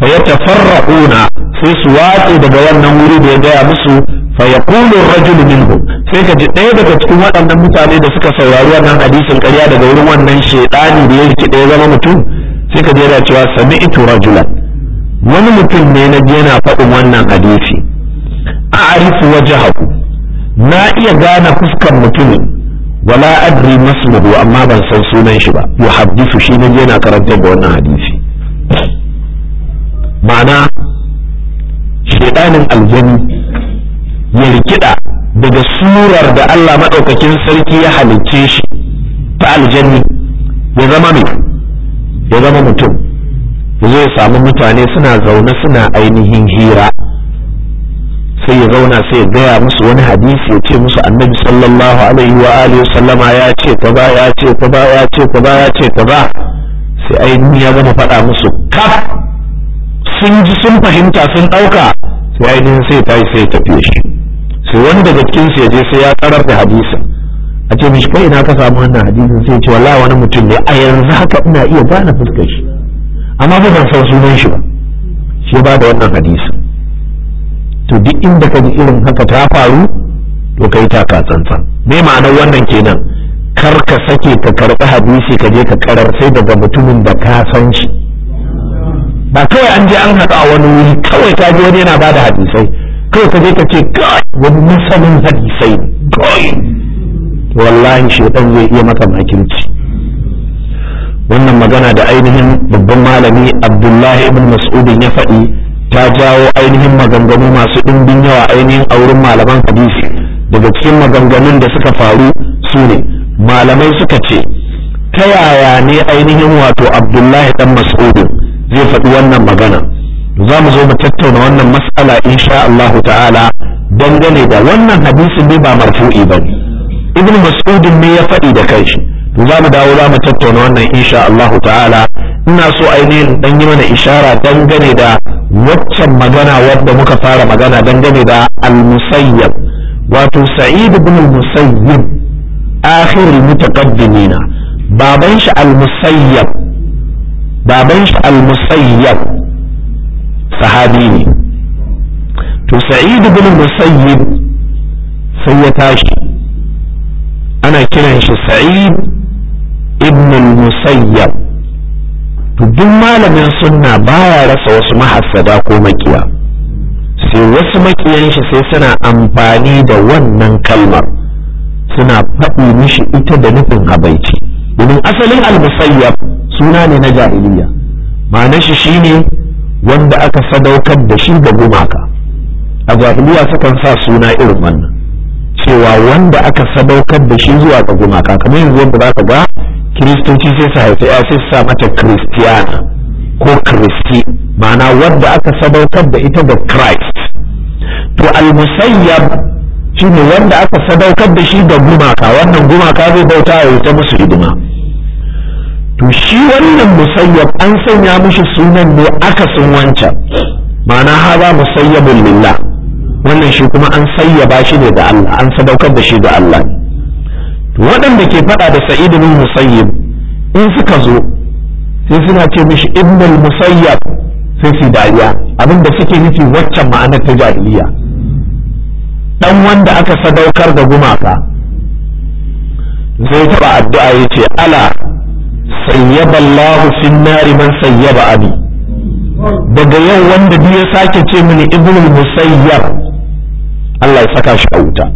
fa yatafarraquna sai su watse daga wannan wuri da ya gaya musu fa ar-rajul minhu sai ka ji ɗaya daga cikin waɗannan mutane da suka saurari wannan hadisin ƙarya daga wurin wannan shedani da ya ɗaya ya zama mutum sai ka ji yana cewa sami'tu rajulan wani mutum ne na ji yana faɗin wannan hadisi a a'rifu wajhahu na iya gane fuskar mutumin wala adri masmuhu amma ban san sunan shi ba hadisu shi ne yana karantar da wannan hadisi ma'ana shaidanin aljani ya daga surar da Allah madaukakin sarki ya halicce shi ta aljanni ya zama mai ya zama mutum zai samu mutane suna zaune suna ainihin hira sai ya zauna sai ya gaya musu wani hadisi ya ce musu annabi sallallahu alaihi wa alihi sallama ya ce ba ya ce ba ya ce ba ya ce ba sai ainihin ya gama faɗa musu kaf sun ji sun fahimta sun ɗauka sai ainihin sai ta yi sai tafiye shi to wani daga cikin su je sai ya karar da hadisin a ce mishi kai ina ka samu wannan hadisin sai ce wallahi wani mutum ne a yanzu haka ina iya gane fuskar shi amma ba ban san sunan shi ba shi ba da wannan hadisin to duk inda kaji irin haka ta faru to kai ta ka tsantsan me ma'anar wannan kenan kar ka sake ka karɓi hadisi ka je ka karar sai daga mutumin da ka san shi ba kawai an je an haɗu a wani wuri kawai ta je wani yana ba da hadisai kai ka je ka ce kai wani masanin hadisai kai wallahi shaitan zai iya maka makinci wannan magana da ainihin babban malami abdullahi ibn mas'udin ya faɗi ta jawo ainihin maganganu masu ɗimbin yawa ainihin a wurin malaman hadisi daga cikin maganganun da suka faru su ne malamai suka ce ta yaya ne ainihin wato abdullahi dan mas'udin zai faɗi wannan magana za mu zo mu tattauna wannan mas'ala insha Allah ta'ala dangane da wannan hadisin ne ba marfu'i ba ibn mas'ud ne ya faɗi da kai to za mu dawo za mu tattauna wannan insha Allah ta'ala ina so ainihin dan yi mana ishara dangane da waccan magana wadda muka fara magana dangane da al-musayyab wato sa'id ibn al-musayyib akhir al-mutaqaddimina baban shi al-musayyab baban shi al-musayyab sahabi ne to sa'id ibn musayyib sai ya tashi ana kiran shi sa'id ibn musayyab to duk malamin sunna baya rasa wasu mahassada ko makiya sai wasu makiyan shi sai suna amfani da wannan kalmar suna faɗi mishi ita da nufin habaici domin asalin al-musayyab suna ne na jahiliya ma'anar shi shine wanda aka sadaukar da shi da gumaka a jahiliya sukan sa suna irin wannan cewa wanda aka sadaukar da shi zuwa ga gumaka kamar yanzu wanda za ka ga kiristoci sai su haifi ya sai sa mata kiristiyana ko kiristi ma'ana wanda aka sadaukar da ita ga christ to almusayyab shine wanda aka sadaukar da shi ga gumaka wannan gumaka zai bauta ya ta musu hidima to shi wannan musayyab an sanya mishi sunan ne aka sun wancan ma'ana haza musayyabun lillah wannan shi kuma an sayyaba shi ne da Allah an sadaukar da shi da Allah waɗanda ke faɗa da sa'id bin musayyab in suka zo sai suna ce mishi ibnul musayyab sai su dariya abinda suke nufi waccan ma'anar ta jahiliya dan wanda aka sadaukar da gumaka zai taɓa addu'a yace ce ala sayyaba Allahu fi nar man sayyaba abi daga yau wanda duk ya sake ce mini ibnu musayyab Allah ya saka shi a wuta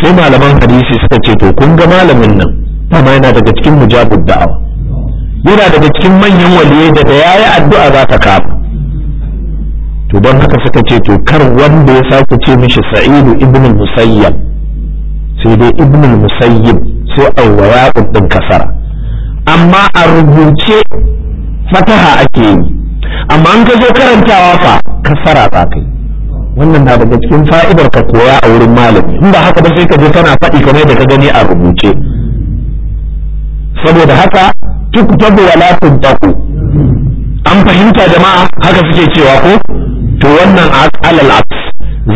sai malaman hadisi suka ce to kun ga malamin nan amma yana daga cikin mujabud da'awa yana daga cikin manyan waliyai da da yayi addu'a za ta kafa to don haka suka ce to kar wanda ya sake ce mishi sa'idu ibnu musayyab sai dai ibnul musayyib sai awwaya din kasara amma a rubuce fataha ake yi amma an ka zo karantawa fa kasara za ka wannan na daga cikin fa'idar ka koya a wurin malami in ba haka ba sai ka je kana faɗi kamar da ka gani a rubuce saboda haka tuktabu wala tuntaku an fahimta jama'a haka suke cewa ko to wannan alal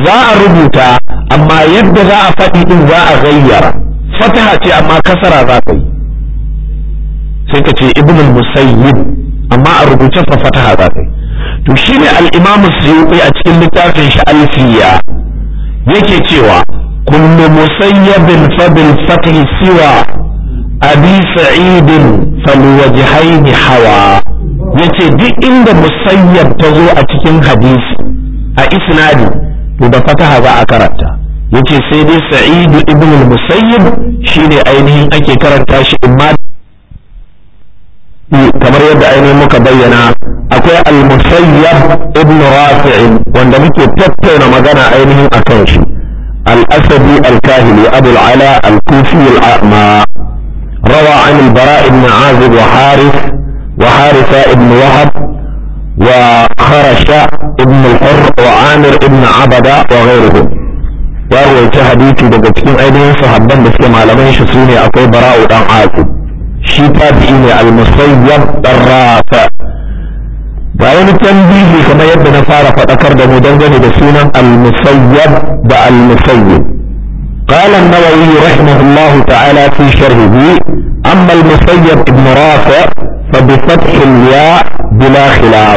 za a rubuta amma yadda za a faɗi din za a gayyara fataha ce amma kasara za ka yi sai ka ce ibn musayyib amma a rubuce fa fataha za to shine al-imam suyuti a cikin littafin shi alfiya yake cewa kullu musayyabin fa bil Fatih siwa abi sa'idin falwajhaini hawa yace duk inda musayyab ta zo a cikin hadisi a isnadi to da fataha za a karanta yace sai dai sa'idu ibn al-musayyib shine ainihin ake karanta shi imma kamar yadda ainihin muka bayyana akwai al-musayyab ibn rafi'in wanda muke tattauna magana ainihin akan shi al-asadi al-kahili abu al-ala al-kufi al-a'ma روى عن البراء بن عازب وحارث وحارثة بن وهب وخرش بن الحر وعامر بن عبدة وغيرهم وروي حديثي daga cikin ainihin sahabban da suke malaman shi sune akwai bara'u dan azu شباب إلى المصيب الرافع بأين التنبيه كما يبدو نصارى فتكر بمدنجن بسونا المصيب بالمصيب قال النووي رحمه الله تعالى في شرحه أما المصيب ابن رافع فبفتح الياء بلا خلاف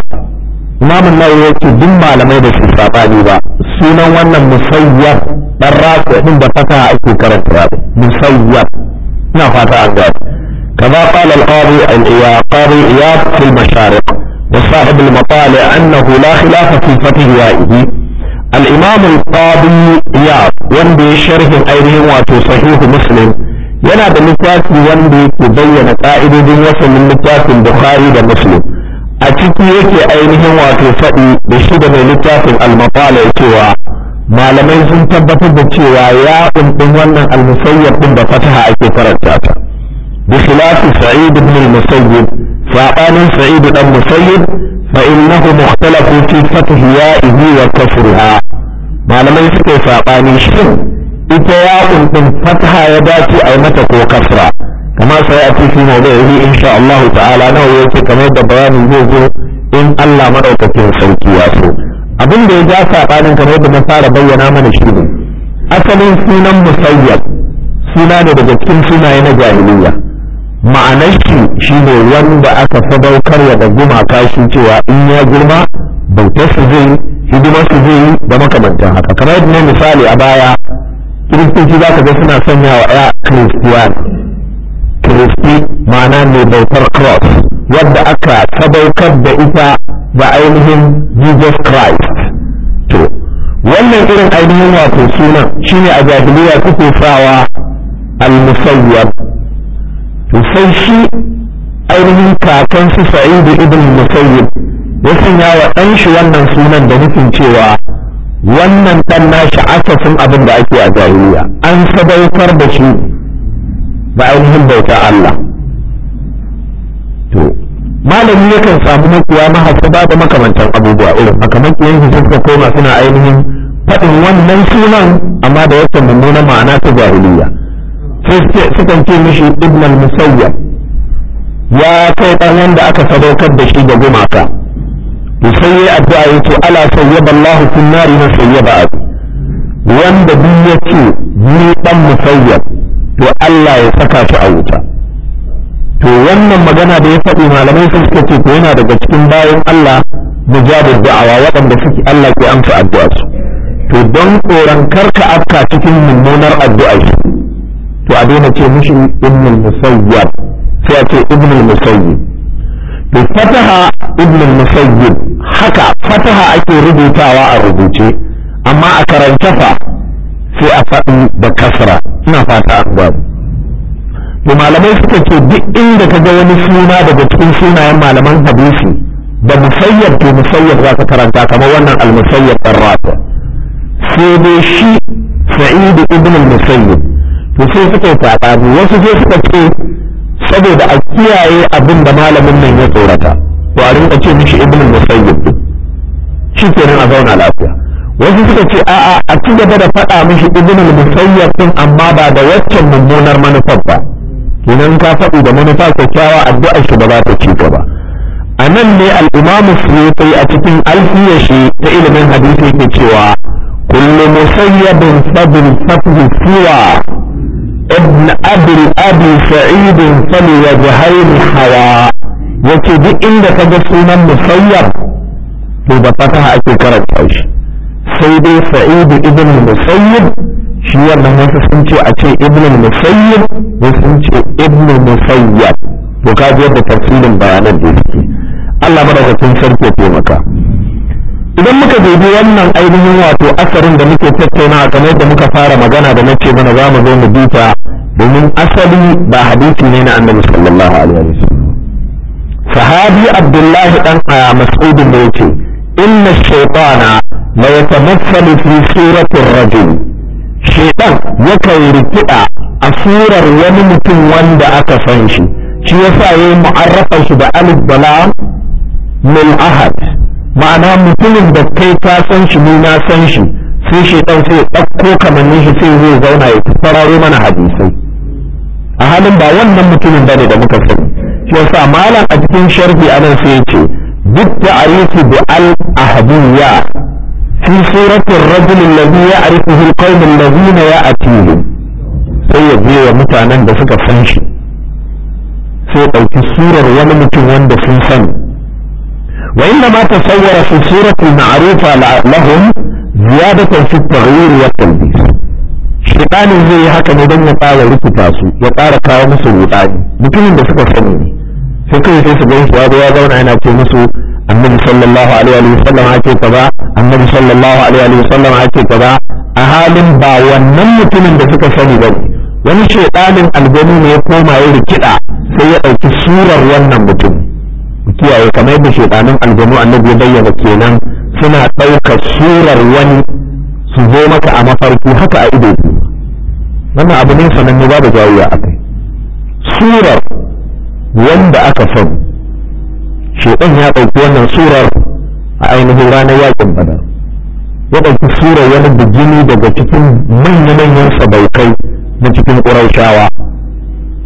ما من ما يأتي دمى لما يدس الساطاني با سنة وانا مصيب الرافع من دفتها اكو كرت رابع مصيب نا عن ذلك كما قال القاضي قاضي اياد في المشارق وصاحب المطالع انه لا خلاف في فتوائه الامام القاضي اياد ونبي شرح غيره صحيح مسلم ينا بالنكات ونبي تبين قائد دنيا من نكات البخاري ومسلم اتيكي يكي اينه فتي بشدة نكات المطالع سوى ما لم يزن تبتد سوى يا ام ونن المسيب بفتها اكي فرد جاتا بخلاف سعيد بن المسيب فأبان سعيد بن المسيب فإنه مختلف في فتح يائه وكسرها ما لم يسكي فأبان شن إتياء من فتح يداتي أو متك وكسرة كما سيأتي في موضعه إن شاء الله تعالى نهو يأتي كما يبدأ بيان الجوز إن الله مدعوك في سوكي ياسو abin da ya ja saɓanin kamar yadda na fara bayyana mana shi ne asalin sunan musayyab suna ne daga cikin sunaye na jahiliya ma'anar shi shine wanda aka sadaukarwa da gumaka shi cewa in ya girma bautar su zai hidimar su zai da makamantan haka kamar yadda na misali a baya kiristoci za ka ga suna sanya wa ya kiristiyan kiristi ma'ana mai bautar cross wadda aka sadaukar da ita da ainihin jesus christ to wannan irin ainihin wato sunan shine a jahiliya suke sawa al-musawwab to sai shi ainihin kakan su sa'idu ibn musayyib ya sanya wa ɗan shi wannan sunan da nufin cewa wannan ɗan nashi asasin abin da ake a jahiliya an sadaukar da shi da ainihin bauta Allah to malami yakan samu makiya mahasaba da makamantan abubuwa irin haka makiyan su suka koma suna ainihin faɗin wannan sunan amma da wata mummunan ma'ana ta jahiliya sukan ce mishi ibn al-musayyab ya kai dan wanda aka sadaukar da shi ga gumaka sai ya addu'a yace ala sayyaba Allahu fi nari ma sayyaba wanda duk yace ni dan musayya to Allah ya saka shi a wuta to wannan magana da ya faɗi malamai sun suka ce ko yana daga cikin bayan Allah mujabu da'awa waɗanda suke Allah ke amsa addu'a su to don tsoron karka afka cikin mummunar addu'a shi to a daina ce mishi ibn al-musayyab sai a ce ibn al-musayyib fataha ibn al-musayyib haka fataha ake rubutawa a rubuce amma a karanta fa sai a faɗi da kasra ina fata an gwabu to malamai suka ce duk inda ka ga wani suna daga cikin sunayen malaman hadisi da musayyab to musayyab za ka karanta kamar wannan al-musayyab ɗan rafi sai dai shi sa'idu ibn al-musayyib to sai suka yi sabani wasu sai suka ce saboda a kiyaye abin da malamin nan ya tsorata to a rinka ce mishi ibn musayyib shi kenan a zauna lafiya wasu suka ce a'a a ci gaba da faɗa mishi ibn musayyib din amma ba da waccan mummunar manufar ba kenan ka faɗi da manufa kyakkyawa addu'ar shi ba za ta ci gaba a nan ne al'imamu suyutai a cikin alfiyashi ta ilimin hadisi ke cewa kullu musayyabin fadl fadl siwa ibn abin abin sa'idin fali wa jihari hawa yace duk inda ka ga sunan musayyab to da fataha ake karanta shi sai dai sa'idu ibn musayyib shi wannan wasu sun ce a ce ibn musayyib wasu sun ce ibn musayyab to ka je da tafsirin bayanan da yake Allah madaukakin sarki ya taimaka idan muka dubi wannan ainihin wato asarin da muke tattaunawa kamar da muka fara magana da nace mana za mu zo mu duba domin asali ba hadisi ne na annabi sallallahu alaihi wasallam sahabi abdullahi dan mas'ud ne yace inna shaytana la yatamassalu fi surati ar-rajul shaytan yakan rikida a surar wani mutum wanda aka san shi shi yasa yayi mu'arrafa shi da alif bala min ahad ma'ana mutumin da kai ka san shi mu na san shi sai dan sai ɗauko shi sai zai zauna ya fararo mana hadisai a halin ba wannan mutumin bane da muka sani shi yasa malam a cikin sharhi anan sai ya ce duk ta'arifu bi al ahdiyya fi surati ar-rajul alladhi ya'rifuhu al-qawm alladhina ya'tihi sai ya je wa mutanen da suka san shi sai ɗauki surar wani mutum wanda sun sani وإنما تصور في الصورة المعروفة لهم زيادة في التغيير والتلبيس شيطان زي haka ne don ya ƙara rikita su ya tsara kawo musu rudani mutumin da suka sani sai kawai sai su gan shi ya zauna yana ce musu annabi sallallahu alaihi wa sallam ake kaza annabi sallallahu alaihi wa sallam ake kaza a halin ba wannan mutumin da suka sani ba wani shaiɗanin aljanu ne ya koma ya rikida sai ya ɗauki surar wannan mutum kiyaye kamar yadda shekanun aljanu annabi ya bayyana kenan suna ɗauka surar wani su zo maka a mafarki haka a ido wannan abu ne sananne babu jawo a kai surar wanda aka san shekan ya ɗauki wannan surar a ainihin ranar yakin badar ya ɗauki surar wani bijimi daga cikin manya-manyan sabaukai na cikin ƙuraushawa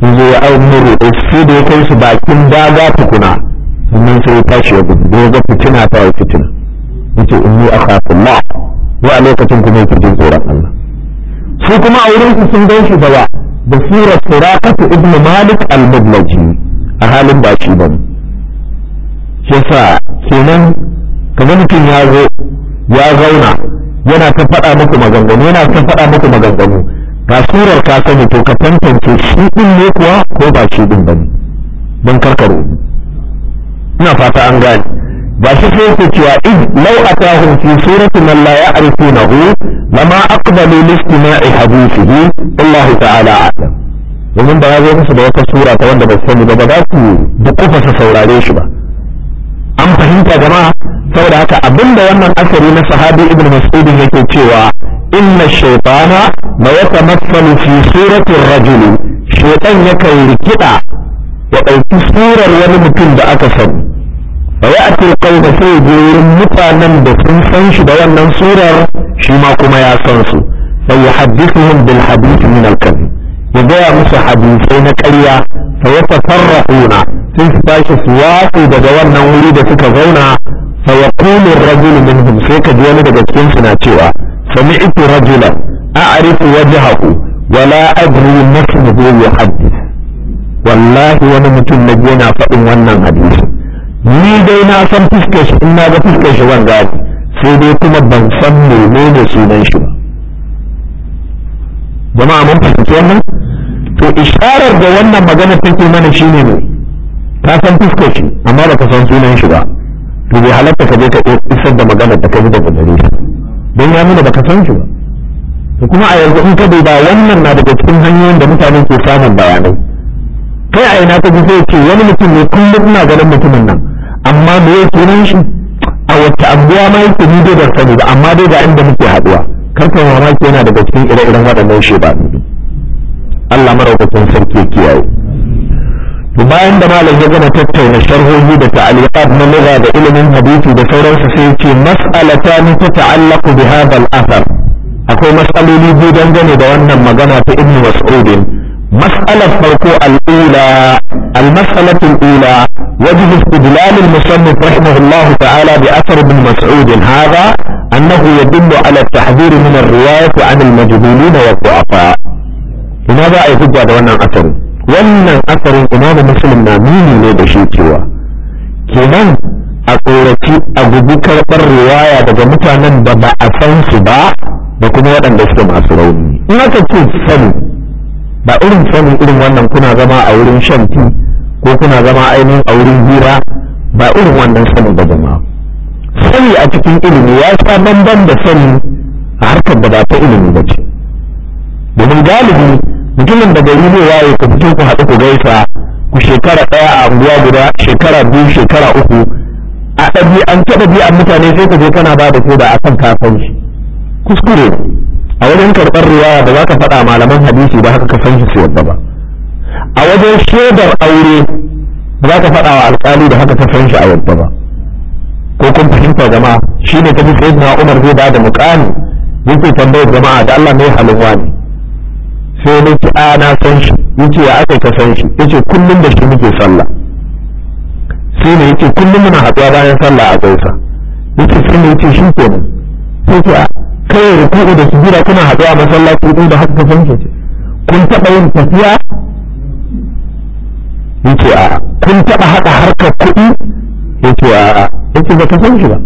yanzu ya aumuru da ya kai su bakin daga tukuna sannan sai ya tashi ya gudu da ya ga fitina ta yi fitina yace inni akhafullah wa a lokacin kuma yake jin tsoron Allah su kuma a wurin su sun ganshi da wa da surar suraqatu ibnu malik al-mudlaji a halin ba shi bane shi yasa kenan kamar mutum ya zo ya zauna yana ta faɗa muku maganganu yana ta faɗa muku maganganu ga surar ka sani to ka tantance shi din ne kuwa ko ba shi din bane don karkaro ina fata an gane ba shi sai yake cewa id law atahum fi surati man la ya'rifunahu lama aqbalu li istima'i hadithihi Allah ta'ala a'lam domin ba ya zo musu da wata sura ta wanda ba su sani ba ba za su dukufa su saurare shi ba an fahimta jama'a saboda haka abinda wannan asari na sahabi ibn mas'ud yake cewa inna shaytana la yatamassalu fi surati ar-rajuli shaytan yakan rikida ya ɗauki surar wani mutum da aka san ba ya ake kauna sai wurin mutanen da sun san shi da wannan surar shi ma kuma ya san su fa yuhaddithuhum bil hadith min al ya gaya musu hadisai na ƙarya fa yatafarrahuna sun su tashi su watsu daga wannan wuri da suka zauna fa yaqulu ar-rajulu minhum sai ka ji wani daga cikin su na cewa sami'tu rajulan a'rifu wajhahu wa adri ma ismuhu yuhaddith wallahi wani mutum na biyu na faɗin wannan hadisi ni dai na san fuskar shi in na ga fuskar shi wan gani sai dai kuma ban san menene sunan shi ba jama'a mun fahimci wannan to isharar da wannan magana take mana shine ne ta san fuskar shi amma ka san sunan shi ba to bai halatta ka je ka isar da magana da ka daga gare shi don ya nuna ka san shi ba to kuma a yanzu in ka duba wannan na daga cikin hanyoyin da mutane ke samun bayanai kai a ina kaji sai ce wani mutum ne kullum ina ganin mutumin nan amma me ya sunan shi a wata abuwa ma yake ni dai ban sani ba amma dai ga inda muke haduwa karkan mamaki yana daga cikin ire-iren waɗannan ba. Allah maraukakin sarki ya kiyaye to bayan da malam ya gama tattauna sharhohi da ta'alliqat na lugha da ilimin hadisi da sauransu sai ya ce mas'alatan tata'allaqu bi hadha al-athar akwai mas'aloli biyu dangane da wannan magana ta Ibn Mas'ud mas'alar farko al المسألة الأولى وجه استدلال المصنف رحمه الله تعالى بأثر ابن مسعود هذا أنه يدل على التحذير من الرواية عن المجهولين والضعفاء لماذا يهج هذا وانا أثر وانا أثر إمام مسلم نامين لدى شيكوا كمان أقولتي أبو بكر الرواية دقى متانا دبا أفنس با وكما وانا نسلم أسرون ما تكون سنو ba irin sanin irin wannan kuna zama a wurin shan ti ko kuna zama ainihin a wurin hira ba irin wannan sanin ba jama'a sani a cikin ilimi ya sha banban da sani a harkar da ba ta ilimi ba ce domin galibi mutumin da gari ne waye ku fito ku haɗu ku gaisa ku shekara ɗaya a unguwa guda shekara biyu shekara uku a an ta a mutane sai ka je kana ba da ko da akan kafin shi kuskure a wajen karɓar riwaya ba za ka faɗa malaman hadisi ba haka ka san shi yadda ba a wajen shaidar aure ba za ka faɗa wa alƙali da haka ka san shi a yadda ba ko kun fahimta jama'a ne ta sai na Umar zai ba da muƙami yake tambayar jama'a da Allah ne halin wani sai ne ki a na san shi yace ya aka ka san shi yace kullum da shi muke sallah sai ne yace kullum muna haɗuwa bayan sallah a gaisa yace sai ne yace shi kenan sai ki a kai ruku'u da sujura kuna haɗuwa a masallaci ɗin da haka fanke ce kun taɓa yin tafiya yace a kun taɓa haɗa harkar kuɗi yace a yace ba ka san ba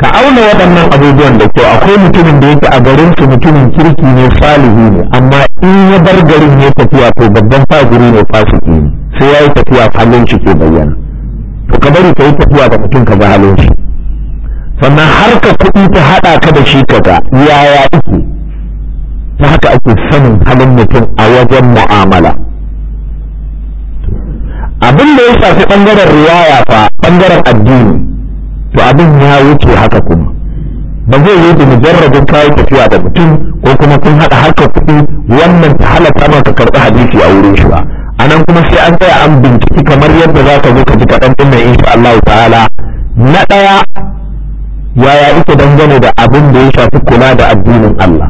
ka auna waɗannan abubuwan da kyau akwai mutumin da yake a garin su mutumin kirki ne salihu ne amma in ya bar garin ya tafiya to babban faguri ne fasiki ne sai ya yi tafiya halin shi ke bayyana to ka bari ka yi tafiya ba mutum ka ga halin shi sannan har ka kuɗi ta haɗa ka da shi kaga yaya ake ta haka ake sanin halin mutum a wajen mu'amala abin da ya shafi ɓangaren riwaya fa ɓangaren addini to abin ya wuce haka kuma ba zai yi da mujarrabin kayi tafiya da mutum ko kuma kun haɗa harkar kuɗi wannan ta halatta ma ka karɓi hadisi a wurin shi ba a nan kuma sai an tsaya an binciki kamar yadda za ka zo ka ji kaɗan ɗin nan insha Allah ta'ala na ɗaya yaya ita dangane da abin da ya shafi kula da addinin Allah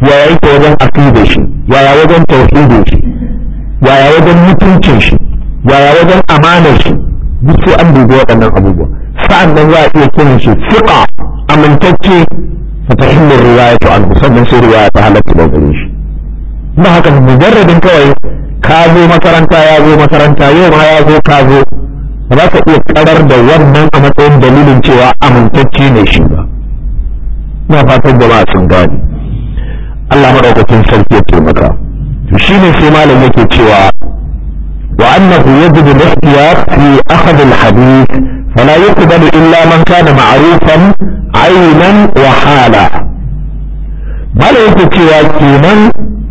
yaya ita wajen aqida shi yaya wajen tauhidin shi yaya wajen mutuncin shi yaya wajen amanar shi duk sai an dubi waɗannan abubuwa sa'an nan za a iya kiran shi fiqa amintacce fatahillu riwayatu anhu sannan sai riwaya ta halatta da gare shi ba haka mujarradin kawai ka zo makaranta ya zo makaranta yau ma ya zo ka zo ba za ka iya karar da wannan a matsayin dalilin cewa amintacce ne shi ba na fatan jama'a sun gane Allah madaukakin sarki ya taimaka to ne sai malam yake cewa wa annahu yajibu al-ikhtiyar fi akhd al-hadith fala yuqbalu illa man kana ma'rufan aynan wa hala malam yake cewa kenan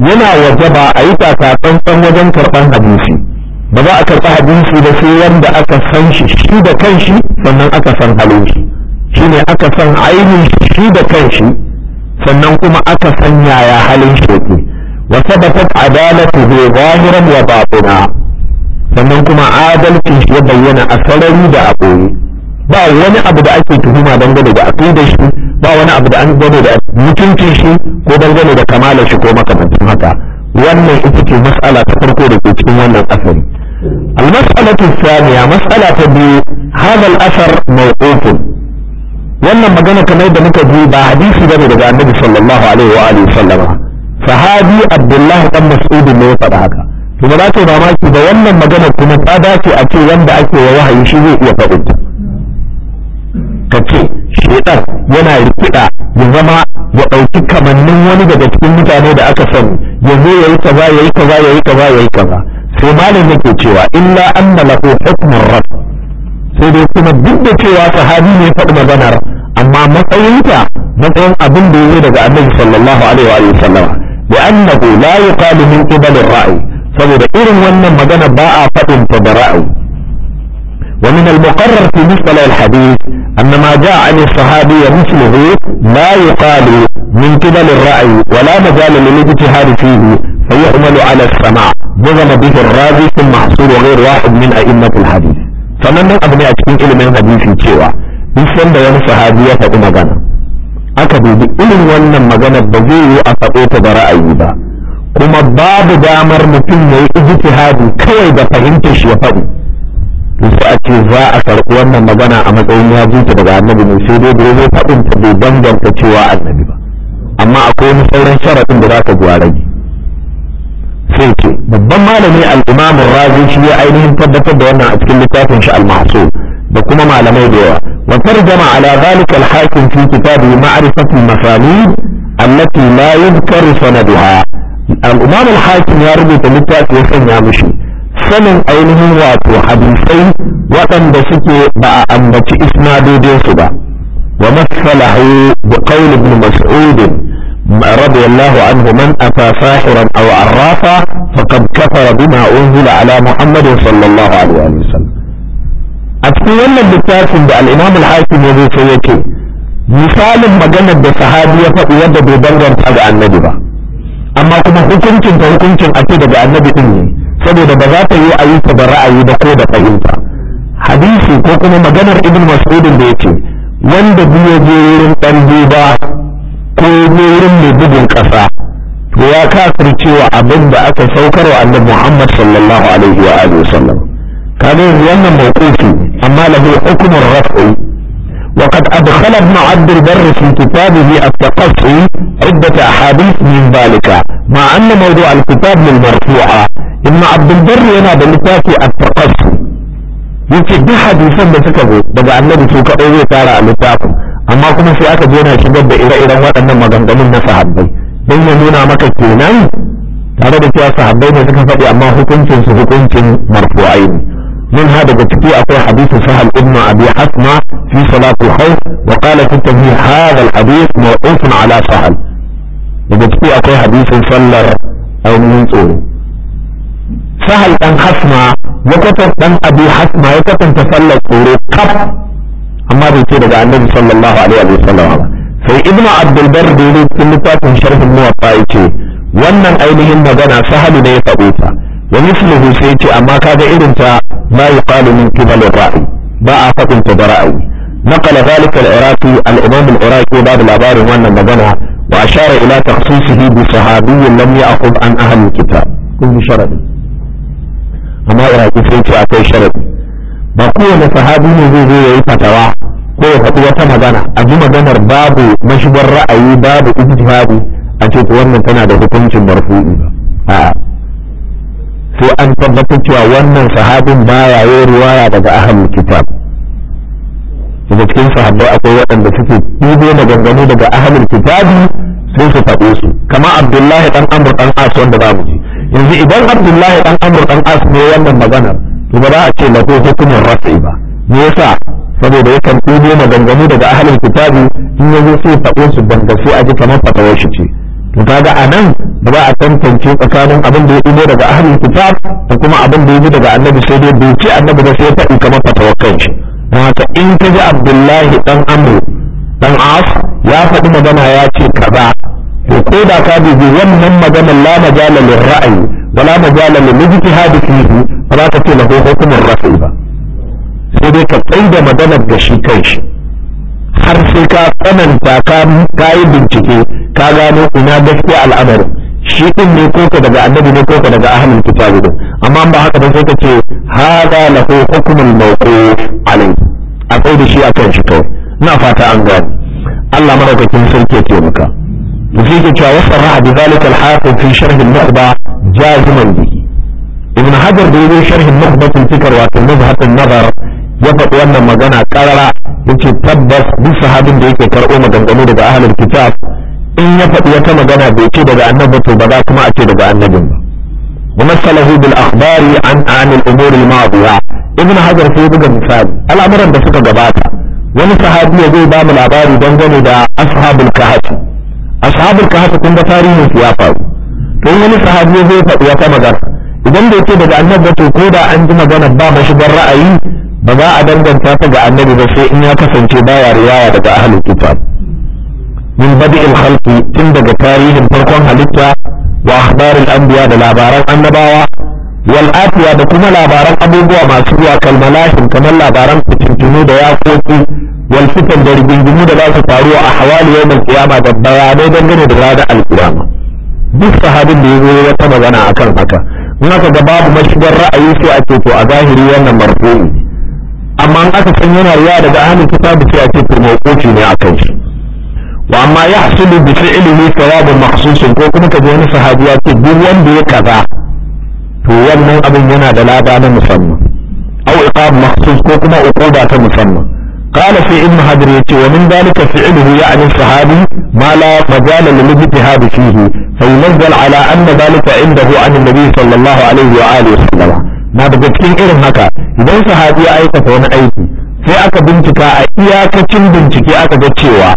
yana wajaba a yi takatsantsan wajen karban hadisi ba za a karɓa hadisi ba sai wanda aka san shi shi da kanshi sannan aka san halin shi shi ne aka san ainihin shi da kanshi sannan kuma aka san yaya halin shi yake wa sabatat bi zahiran wa batina sannan kuma adalcin shi ya bayyana a sarari da a ba wani abu da ake tuhuma dangane da aqidar shi ba wani abu da an gane da mutuncin shi ko dangane da kamalar shi ko makamancin haka wannan ita ce mas'ala ta farko da ke cikin wannan asali المسألة الثانية مسألة بي هذا الأثر موقوف wannan magana kamar da muka ji ba hadisi bane daga annabi sallallahu alaihi wa alihi sallama sahabi abdullah dan mas'ud ne ya faɗa haka to ba za ta mamaki ba wannan magana kuma ta dace a ce wanda ake wa wahayi shi zai iya faɗin ta ka ce shaitan yana rikida ya zama ya ɗauki kamannin wani daga cikin mutane da aka sani ya zo ya yi kaza ya yi kaza ya yi kaza ya yi kaza to malam yake cewa illa anna lahu hukmun rad sai dai kuma duk da cewa sahabi ne faɗi magana amma matsayinta matsayin abin da yayi daga annabi sallallahu alaihi wa sallam da annahu la yuqalu min qibal ar-ra'i saboda irin wannan magana ba a faɗin ta da ra'ayi ومن المقرر في مثل الحديث أن ما جاء عن الصحابي مثله لا يقال من قبل الرأي ولا مجال للاجتهاد فيه فيحمل على السماع jazama bihi razi sun mahsur wa ghayr wahid min a'immatil hadith sannan nan abu ne a cikin ilimin hadisi cewa san da wani sahabi ya faɗi magana aka dubi irin wannan magana ba zai yi a faɗo ta ba ra'ayi ba kuma babu damar mutum ya yi ijtihadi kawai da fahimtar shi ya faɗi to sai a za a karɓi wannan magana a matsayin ya ji ta daga annabi ne sai dai dole zai faɗin ta bai danganta cewa annabi ba amma akwai wani sauran sharaɗin da za ka gwara rage babban malami al-imam razi shi ya ainihin tabbatar da wannan a cikin littafin shi al da kuma malamai da yawa wa tarjama ala zalika al-hakim fi kitabi ma'rifatu masalib allati la yuzkaru sanaduha al-imam al-hakim ya rubuta littafi ya sanya mishi sanin ainihin wato hadisai waɗanda suke ba a ambaci isnadodinsu ba wa masalahu da qawl ibn mas'ud رضي الله عنه من أتى ساحرا أو عرافا فقد كفر بما أنزل على محمد صلى الله عليه وسلم أتكون wannan littafin da al-Imam al ya zo sai yake misalin maganar da sahabi ya faɗi yadda bai danganta ga annabi ba amma kuma hukuncin ta hukuncin a daga annabi din ne saboda ba za ta yi ayyuka da ra'ayi ba ko da fahimta hadisi ko kuma maganar ibn mas'udin da yake wanda biyo je wurin dan ba. ko wurin mai bugun ƙasa to ya kafircewa abin da aka saukar wa annabi Muhammad sallallahu alaihi wa alihi wasallam kaga yanzu wannan mawqufi amma lahu hukmur raf'i وقد أدخل ابن عبد البر في كتابه التقصي عدة أحاديث من ذلك مع أن موضوع الكتاب للمرفوعة ابن عبد البر هنا بالتاكي التقصي يمكن دي حديثا بسكبه بدأ النبي سوكا أوي تارى لتاكم amma kuma sai aka jona na shigar da ire-iren waɗannan maganganun na sahabbai don ya nuna maka kenan tare da cewa sahabbai ne suka faɗi amma hukuncin su hukuncin marfu'ai ne من هذا بكتي أقول حديث سهل ابن أبي حسمة في صلاة الخوف وقال في التنبيه هذا الحديث موقوف على سهل بكتي أقول حديث صلى أو من صوره سهل أن حسمة وكتب أن أبي حسمة وكتب تسلل tsoro كف amma bai ce daga annabi sallallahu alaihi wa sallam ba sai ibnu abdul bar da yake cikin littafin sharhin muwatta yace wannan ainihin magana sahalu ne ya faɗo ta wa mislihu sai yace amma kaga irin ta la yuqalu min qibal ra'i ba a faɗin ta da ra'ayi نقل ذلك العراقي الإمام العراقي بعد الأبار وأن مدنها وأشار إلى تخصيصه بصحابي لم يأخذ عن أهل الكتاب كل شرط amma iraki sai ce akwai ba kowane sahabi ne zai zo yayi fatawa ko ya faɗi wata magana a ji maganar babu mashigar ra'ayi babu ijtihadi a ce wannan tana da hukuncin marfu'i a sai an tabbatar cewa wannan sahabin baya yi riwaya daga ahlul kitab daga cikin sahabbai akwai waɗanda suke ɗibo maganganu daga ahlul kitab sai su faɗo su kama abdullahi dan amr dan as wanda za mu ji yanzu idan abdullahi dan amr dan as ne wannan maganar to ba za a ce lahu hukumar rasai ba me yasa saboda yakan ɗubo maganganu daga ahalin kitabi in yanzu sai faɗo su dangasu a ji kamar fatawar shi ce to kaga a nan ba a tantance tsakanin abin da ya ɗubo daga ahalin kitab da kuma abin da ya ji daga annabi sai dai bai annabi ba sai faɗi kamar fatawar kanshi don haka in ka ji abdullahi ɗan amru ɗan as ya faɗi magana ya ce kaza to ko da ka dubi wannan maganar la majala ra'ayi wala majalalin lil ijtihad fihi ba za ka ce lahu hukumar rafi ba sai dai ka tsaye da maganar da shi kai shi har sai ka tsananta ka yi bincike ka gano ina gaskiya al'amarin shi din ne ko ka daga annabi ne ko ka daga ahlul kitabi din amma ba haka ba sai ka ce hada lahu hukmul mawquf alai akwai da shi akan shi kawai na fata an gane Allah madaukakin sarki ya taimaka yake cewa wasarra bi zalika al-hafiz fi sharh al-mukhba jaziman bi hajar da yi sharhin mahbatun fikar wato mazhatun nazar ya faɗi wannan magana karara yace tabbas duk sahabin da yake karɓo maganganu daga ahalin kitab in ya faɗi wata magana bai ce daga annabi to ba za kuma a ce daga annabin ba ومثله بالاخبار عن عن الامور الماضيه ابن حجر sai buga misali al'amuran da suka gabata wani sahabi ya zai ba mu labari dangane da ashabul kahfi ashabul kahfi kun ga tarihin su ya faru to sahabi zai faɗi magana idan da yake daga annabi to ko da an ji magana ba ban ra'ayi ba za a danganta ta ga annabi ba sai in ya kasance baya riwaya daga ahlul kitab min badi'il khalqi tun daga tarihin farkon halitta wa akhbaril anbiya da labaran annabawa wal da kuma labaran abubuwa masu zuwa kalmalahin kamar labaran fitintunu da yakoki wal fitan da rigingimu da za su faru a hawali yawmal kiyama da bayanai dangane da ranar alqiyama duk sahabin da ya zo wata magana akan haka in da ga babu mashigar ra'ayi sai a ce to a zahiri wannan marfu'i amma an aka san yana riya daga ahlul kitab sai a ce to mawquti ne akan shi wa amma ya hasulu bi fi'lihi thawabun makhsus ko kuma kaje wani sahabi ya ce duk wanda ya kaza to wannan abin yana da lada na musamman au iqab makhsus ko kuma uquba ta musamman قال في ابن حجر يتي ومن ذلك فعله يعني الصحابي ما لا مجال للاجتهاد فيه فينزل على أن ذلك عنده عن النبي صلى الله عليه وآله وسلم na daga cikin irin haka idan sahabi ya aikata wani aiki sai aka bincika a iyakacin bincike aka ga cewa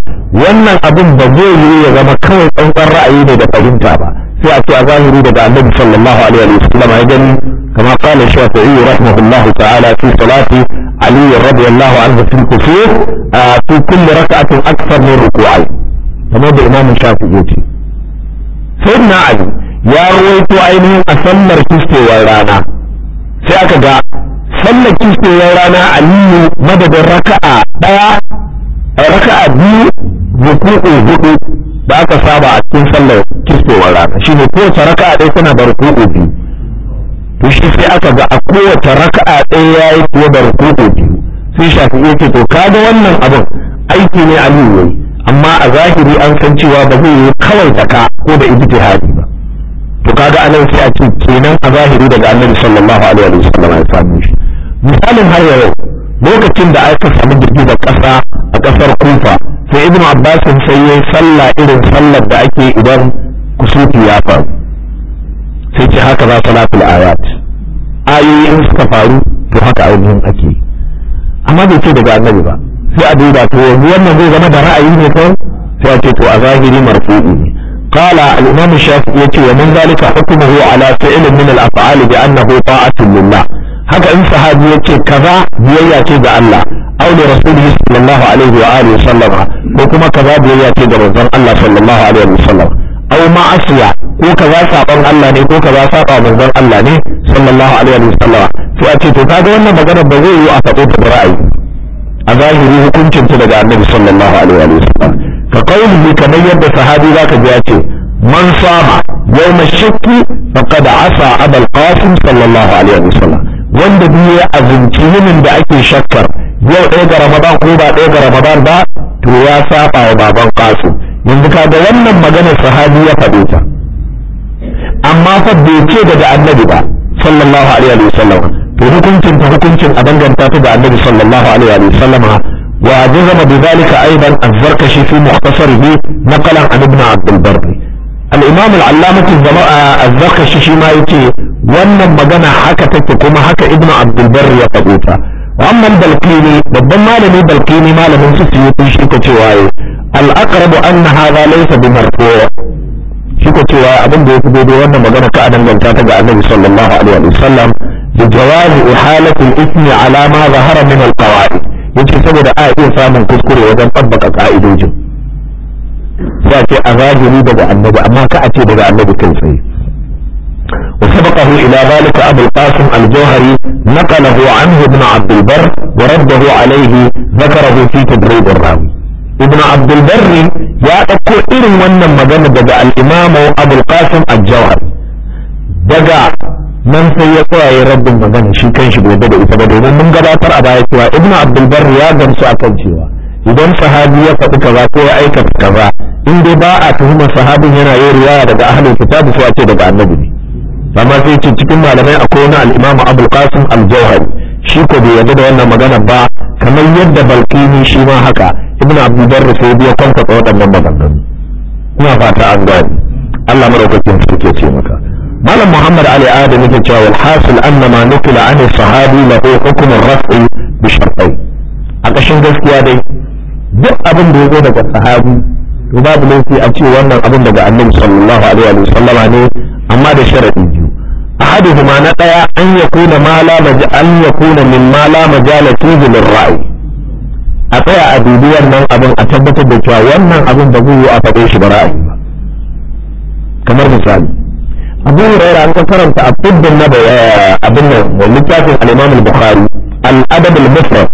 wannan abin ba zai ya zama kawai tsantsan ra'ayi ne da fahimta ba sai a ce a zahiri daga annabi sallallahu alaihi wa sallam ya gani kama qala shafi'i rahimahullahu ta'ala fi علي رضي الله عنه في الكسوف في كل ركعة أكثر من ركوعين كما الإمام الشافعي سيدنا علي يا رويت عيني أسمر كسوف ورانا سيأك جاء sallar kistowar rana aliyu madadin raka'a raka'a biyu ruku'u hudu da aka saba a cikin sallar kistowar rana shine kowace raka'a ɗaya kuna da ruku'u biyu to shi sai aka ga a kowace raka'a ɗaya ya yi fiye da rukuku biyu sai shafi yake to kaga wannan abin aiki ne ali yayi amma a zahiri an san cewa ba zai yi kawai tsaka ko da ijtihadi ba to kaga anan sai a ce kenan a zahiri daga annabi sallallahu alaihi wa sallam ya samu shi misalin har yau lokacin da aka samu da ƙasa a ƙasar kufa sai ibnu abbasin sai ya yi sallah irin sallar da ake idan kusufi ya faru sai ce haka za su lafi ayat ayoyin suka faru to haka ainihin ake amma bai ce daga annabi ba sai a duba to yanzu wannan zai zama da ra'ayi ne kawai sai a ce to a zahiri marfu'i ne قال الإمام الشافعي ومن ذلك حكمه على فعل من الأفعال بأنه طاعة لله هذا إن صحابي كذا بيئة تيد الله أو لرسوله صلى الله عليه وآله وسلم وكما كذا بيئة تيد الله صلى الله عليه وسلم asiya ko ka kaza saban Allah ne ko ka za saba manzon Allah ne sallallahu alaihi wa sallam sai a ce to kaga wannan magana ba zai yi a faɗo ta ra'ayi a zahiri hukuncin ta daga annabi sallallahu alaihi wa sallam ka qawlihi kamar yadda sahabi zaka ji ya ce man sama yawma shakki faqad asa abul qasim sallallahu alaihi wa sallam wanda duk ya azumci yinin da ake shakkar yau ɗaya ga ramadan ko ba ɗaya ga ramadan ba to ya saba wa baban qasim yanzu kaga wannan maganar sahabi ya faɗe ta amma fa bai ce daga annabi ba sallallahu alaihi wa sallam to hukuncin ta hukuncin a danganta ta ga annabi sallallahu alaihi wa sallam wa jazama bi zalika aidan az-zarkashi fi mukhtasarihi naqalan an ibn abdul barr al-imam al-allamah az-zarkashi shi ma yace wannan magana haka take kuma haka ibn abdul barr ya faɗo ta wannan balkini babban malami balkini malamin su su yi shi ka cewa al'akarabu an na hada laysa bi marfu' shi ka cewa abin da fi wannan magana ka danganta ta ga annabi sallallahu alaihi wa sallam da jawabi ihalati al ismi ala ma zahara min al yace saboda a iya samun kuskure wajen tabbaka ka'idojin sai a ce a zahiri daga annabi amma ka a ce daga annabi kai tsaye وسبقه إلى ذلك أبو القاسم الجوهري نقله عنه ابن عبد البر ورده عليه ذكره في تدريب الراوي ابن عبد البر يا أكو إرم ونم مجانا دقى الإمام أبو القاسم الجوهري دقى من سيقوى يرد مجانا شي كان شبه دقى إتبادي من قباتر أبا يتوى ابن عبد البر يا جمس أكل شيئا idan sahabi ya faɗi kaza ko ya aikata kaza in dai ba a tuhumar sahabin yana yin riwaya daga ahlul kitab ko a ce daga annabi ne ba sai ce cikin malamai akwai wani al'imamu abul kasim al-jawhari shi ko bai yarda da wannan magana ba kamar yadda balkini shi ma haka ibnu abdulbar sai biya kwanta waɗannan maganganu ina fata an gani Allah madaukakin su ke ce maka malam muhammad ali adam yake cewa wal hasil anna ma nukila an sahabi lahu hukm ar-raf'i bi shartai a kashin gaskiya dai duk abin da yazo daga sahabi to babu laifi a ce wannan abin daga annabi sallallahu alaihi wa sallama ne amma da sharadi biyu ahaduhuma na daya an yakuna ma an yakuna min majala fihi lirra'i a tsaya a dubi wannan abin a tabbatar da cewa wannan abin ba zai a faɗe shi ba ra'ayi ba kamar misali abu hurairah an karanta a tuddin na abin nan littafin al-imam al-bukhari al-adab al-mufrad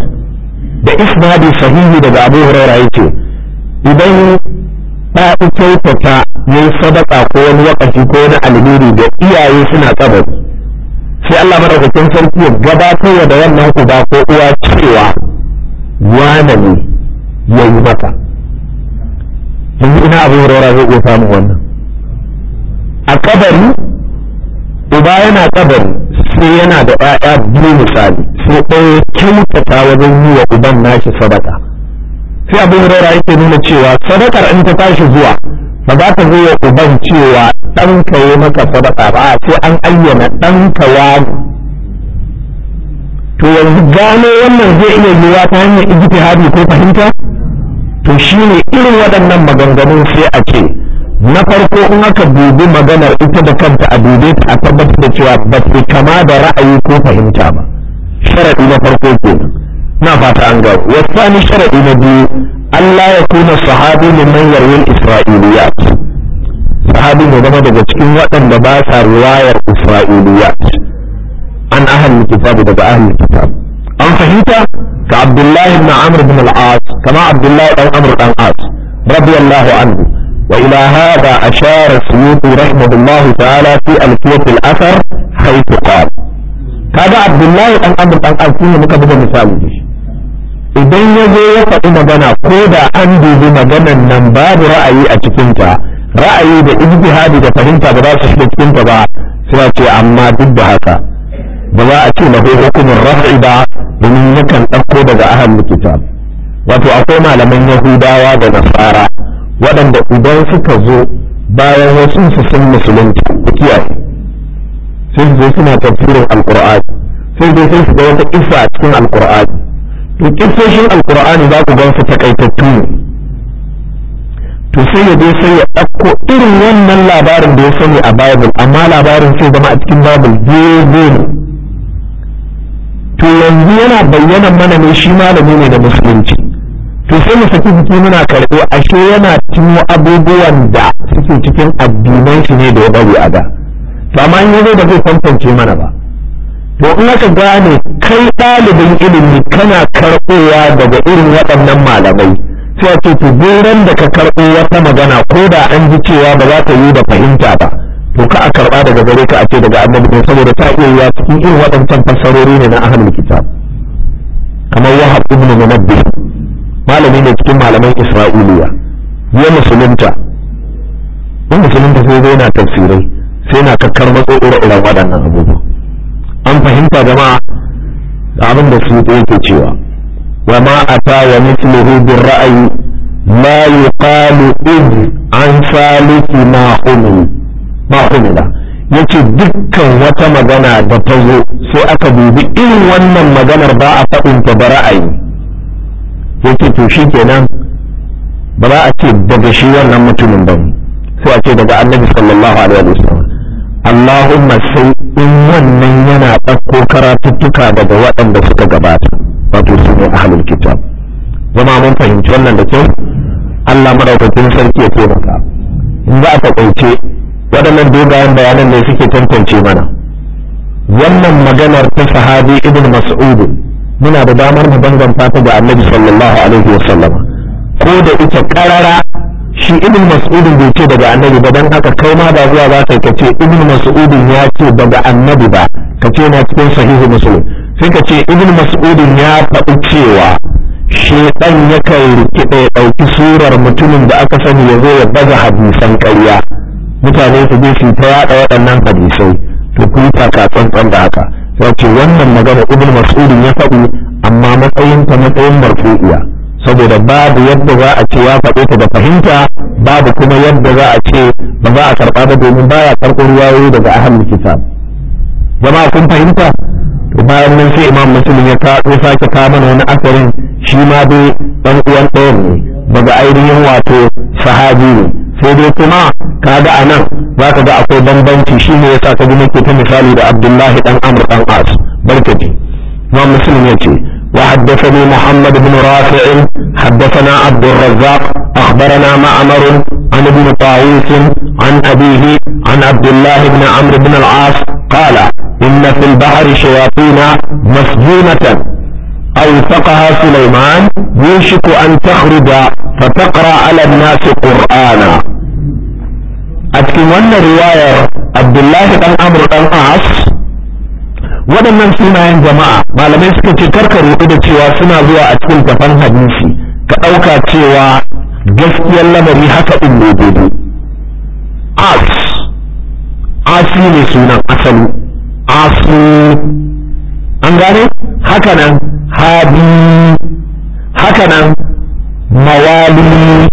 da isnadi sahihi daga abu hurairah yake idan ta kyautata yayi sadaka ko wani wakafi ko wani alheri da iyaye suna tsabari sai Allah madaukakin sarki ya gabatar da wannan uba ko uwa cewa wane ne yi maka yanzu ina abin raura zai iya samun wannan a kabari uba yana kabari sai yana da ƴaƴa biyu misali sai ɗaya kyautata wajen yi wa uban nashi sadaka sai abin raura yake nuna cewa sadakar in ta tashi zuwa ba za ka zo ya uban cewa ɗanka ya maka sadaka ba sai an ayyana ɗanka ya to yanzu gano wannan zai iya yiwuwa ta hanyar hadi ko fahimta to shine irin waɗannan maganganun sai a ce na farko in aka dubi maganar ita da kanta a dube ta a tabbatar da cewa ba su kama da ra'ayi ko fahimta ba sharaɗi na farko kenan na fata an gano sani sharaɗi na biyu Allah ya kuna sahabi liman yarwin isra'iliya sahabi ne zama daga cikin waɗanda ba sa riwayar isra'iliya an ahalin kitab daga ahalin kitab an fahimta ka abdullahi ibn amr ibn al-as kama abdullahi dan amr dan as radiyallahu anhu wa ila hada ashara suyuti rahimahullahu ta'ala fi alfiyat al-athar haythu qala kaga abdullahi dan amr dan as ne muka buga misali idan ya zo ya faɗi magana ko da an dubi maganan nan babu ra'ayi a cikinta ra'ayi da ijtihadi da fahimta ba za su shiga cikinta ba suna ce amma duk da haka ba za a ce mafi hukumin raf'i ba domin yakan ɗauko daga ahan likita wato akwai malaman yahudawa da nasara waɗanda idan suka zo bayan wasu su sun musulunci kiyaye sai su zo suna tafsirin alqur'ani sai dai sai su ga wata isa cikin alkur'ani to kisoshin alkur'ani za ku gan su takaitattu ne to sai ya je sai ya ɗauko irin wannan labarin da ya sani a babul amma labarin sai zama a cikin babul gego ne to yanzu yana bayyana mana ne shi malami ne da musulunci to sai mu saki jiki muna karɓo ashe yana cimo abubuwan da suke cikin addinan shi ne da ya bari a da ba da zai tantance mana ba to in aka gane kai ɗalibin ilimi kana karɓowa daga irin waɗannan malamai sai ce to ran da ka karɓo wata magana ko da an ji cewa ba za ta yi da fahimta ba to ka a karɓa daga gare ka a ce daga annabi ne saboda ta iya yiwa cikin irin waɗancan fassarori ne na ahlul kitab kamar wahab ibn munabbih malami ne cikin malaman isra'iliya ya musulunta in musulunta sai zai na tafsirai sai na kakkar matso ire-iren waɗannan abubuwa an fahimta jama'a ga abin da su yake cewa wa ma ata wa mithluhu bir ra'yi la yuqalu id an saliki ma humil ma humila yace dukkan wata magana da ta zo sai aka dubi irin wannan maganar ba a faɗin ta da ra'ayi yace to shikenan ba za a ce daga shi wannan mutumin ba sai a ce daga annabi sallallahu alaihi wasallam Allahumma sai in wannan yana ɗauko karatuttuka daga waɗanda suka gabata wato su ne halin kitab zama mun fahimci wannan da kyau Allah madaukakin sarki ya taimaka in za a taƙaice waɗannan dogayen bayanan ne suke tantance mana wannan maganar ta sahabi ibn mas'ud muna da damar mu danganta ta ga annabi sallallahu alaihi wasallam ko da ita karara shi ibn mas'udin bai ce daga annabi ba dan haka kai ma ba zuwa ba kai kace ibn mas'udin ya ce daga annabi ba kace na cikin sahihu muslim sai kace ce ibn mas'udin ya faɗi cewa shedan yakan ya ɗauki surar mutumin da aka sani ya zo ya baza hadisan ƙarya mutane su je su ta yaɗa waɗannan hadisai to ku taka tsantsan da haka sai ce wannan magana ibn mas'udin ya faɗi amma matsayin ta matsayin marfu'iya saboda babu yadda za a ce ya faɗo ta da fahimta babu kuma yadda za a ce ba za a karɓa ba domin baya karɓar ruwayoyi daga ahlul kitab jama'a kun fahimta bayan nan sai imam muslim ya kawo sake kama mana wani asarin shi ma dai ɗan uwan ɗayan ne daga ainihin wato sahabi ne sai dai kuma kaga a nan za ka ga akwai bambanci shi ne yasa ka ji nake ta misali da abdullahi ɗan amur ɗan as barkati imam muslim ya ce وحدثني محمد بن رافع حدثنا عبد الرزاق أخبرنا معمر عن ابن طاووس عن أبيه عن عبد الله بن عمرو بن العاص قال إن في البحر شياطين مسجونة أوثقها سليمان يوشك أن تخرج فتقرأ على الناس قرآنا أتكلم أن رواية عبد الله بن عمرو بن العاص waɗannan sunayen jama'a malamai suka ce karka rubu da cewa suna zuwa a cikin tafan hadisi ka ɗauka cewa gaskiyar lamari haka in ne as asu ne sunan asali asu an gane haka nan habi haka nan mawali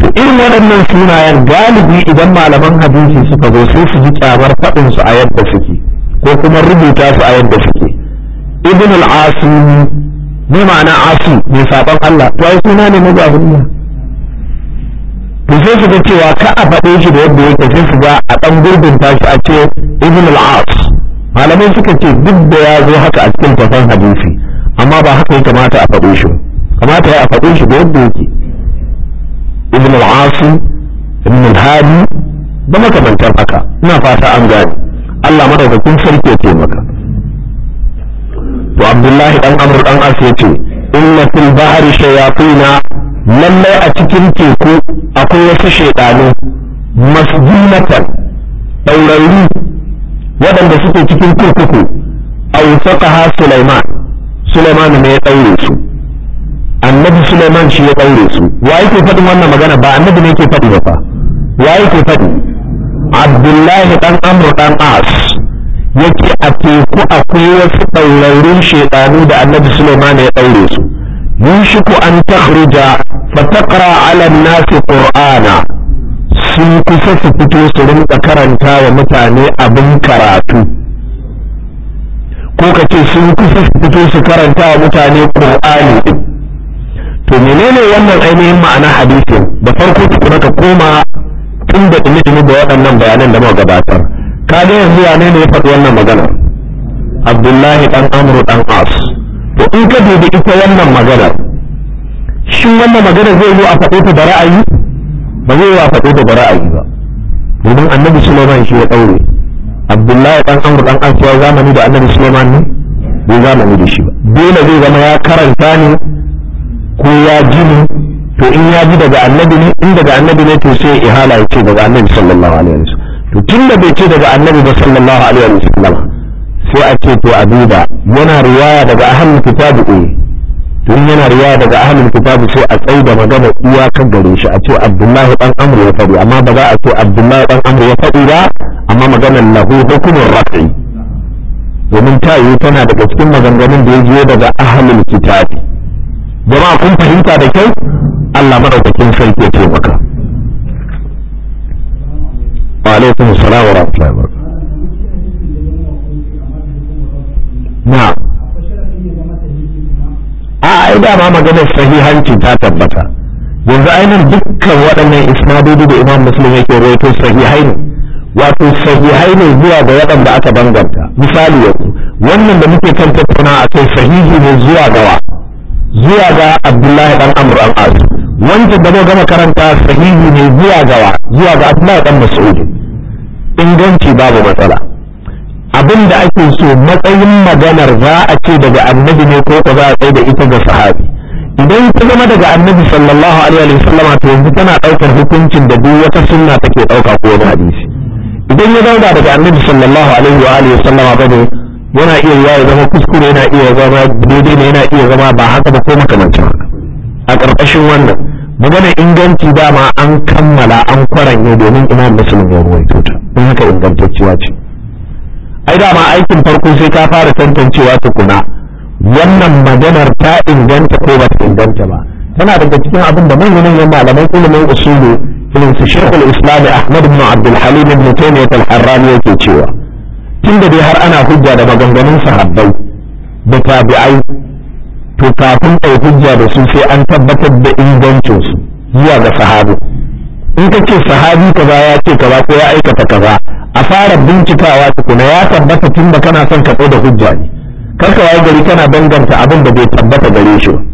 to irin waɗannan sunayen galibi idan malaman hadisi suka zo sai su ji kyamar faɗinsu a yadda suke ko kuma rubuta su a yadda suke ibn al-asimi ne ma'ana asu mai saban Allah to ai suna ne mujahidiyya to sai su ga cewa ka a faɗe shi da yadda yake sai su ga a ɗan gurbin tashi a ce ibn al-as malamai suka ce duk da ya zo haka a cikin tafan hadisi amma ba haka ya kamata a faɗe shi kamata ya a faɗe shi da yadda yake ibn al-as ibn al-hadi ba makamantar haka ina fata an gane Allah madaukakin sarki ya taimaka to Abdullahi dan Amr dan As ce. inna fil bahri shayatina lallai a cikin teku akwai wasu shaydanu masjunatan daurayi waɗanda suke cikin kurkuku awsaqaha Sulaiman Sulaiman ne ya daure su annabi Sulaiman shi ya daure su wa yake faɗin wannan magana ba annabi ne yake faɗi ba fa wa yake faɗi abdullahi dan amr dan as yake a teku akwai wasu ɗaurarin shekaru da annabi suleiman ya ɗaure su yushiku an takhruja fa taqra ala nasi qur'ana sun kusa su fito su rinka karanta wa mutane abin karatu ko ka ce sun kusa su fito su karanta wa mutane qur'ani to menene wannan ainihin ma'ana hadisin da farko tukuna ka koma san da dumi tuni da waɗannan bayanan da muka gabatar ka ga yanzu ya ne ya faɗi wannan magana abdullahi dan amru dan as to in ka dubi ita wannan magana shi wannan magana zai zo a faɗe ta da ra'ayi ba zai yi a faɗe ta da ra'ayi ba domin annabi Sulaiman shi ya daure abdullahi dan amru dan as ya zamani da annabi Sulaiman ne bai zamani da shi ba dole zai zama ya karanta ne ko ya ji ne to in ya ji daga annabi ne in daga annabi ne to sai ihala ya ce daga annabi sallallahu alaihi wasallam to tun da bai ce daga annabi ba sallallahu alaihi wasallam sai a ce to a duba yana riwaya daga ahlul kitab ne eh. to in yana riwaya daga ahlul kitab sai a tsai da magana uwa iyakar gare shi a ce abdullahi dan amr ya faɗi amma ba za a ce abdullahi dan amr ya faɗi ba amma maganar lahu hukumar rafi domin ta yi tana daga cikin maganganun da ya je daga ahlul kitab jama'a kun fahimta da kyau Allah madaukakin sarki ya ce maka wa alaikum wa rahmatullahi wa na a ai dama maganar sahihanci ta tabbata yanzu ainihin dukkan waɗannan isnadodi da imam muslim yake rawaito sahihai ne wato sahihai ne zuwa ga waɗanda aka banganta misali yanzu wannan da muke kan tattauna a kai sahihi ne zuwa gawa zuwa ga abdullahi dan amr al-Azim. wancan da muka gama karanta sahihi ne zuwa gawa zuwa ga Abdullahi dan Mas'ud inganci babu matsala abinda ake so matsayin maganar za a ce daga annabi ne ko ko za a tsaye da ita ga sahabi idan ta zama daga annabi sallallahu alaihi wa sallama to yanzu tana daukar hukuncin da duk wata sunna take dauka ko wani hadisi idan ya dauka daga annabi sallallahu alaihi wa sallama wasallam ba yana iya ya zama kuskure yana iya zama daidai ne yana iya zama ba haka ba ko makamancin haka a ƙarƙashin wannan magana inganci dama an kammala an kwaranye domin imam musulun ya ruwaito ta don haka ingantacciya ce ai dama aikin farko sai ka fara tantancewa tukuna wannan maganar ta inganta ko ba ta inganta ba tana daga cikin abin da manyan malamai ilimin usulu irin su shekul islami ahmad ibn abdul halim ibn taymiyyah al-harrani yake cewa tunda dai har ana hujja da maganganun sahabbai da tabi'ai to kafin kai hujja da su sai an tabbatar da ingancinsu zuwa ga sahabi in ka ce sahabi kaza ya ce kaza ko ya aikata kaza a fara bincikawa tukuna ya tabbata tun da kana son ka da hujja ne kar ka wayi gari kana danganta abin da bai tabbata gare shi ba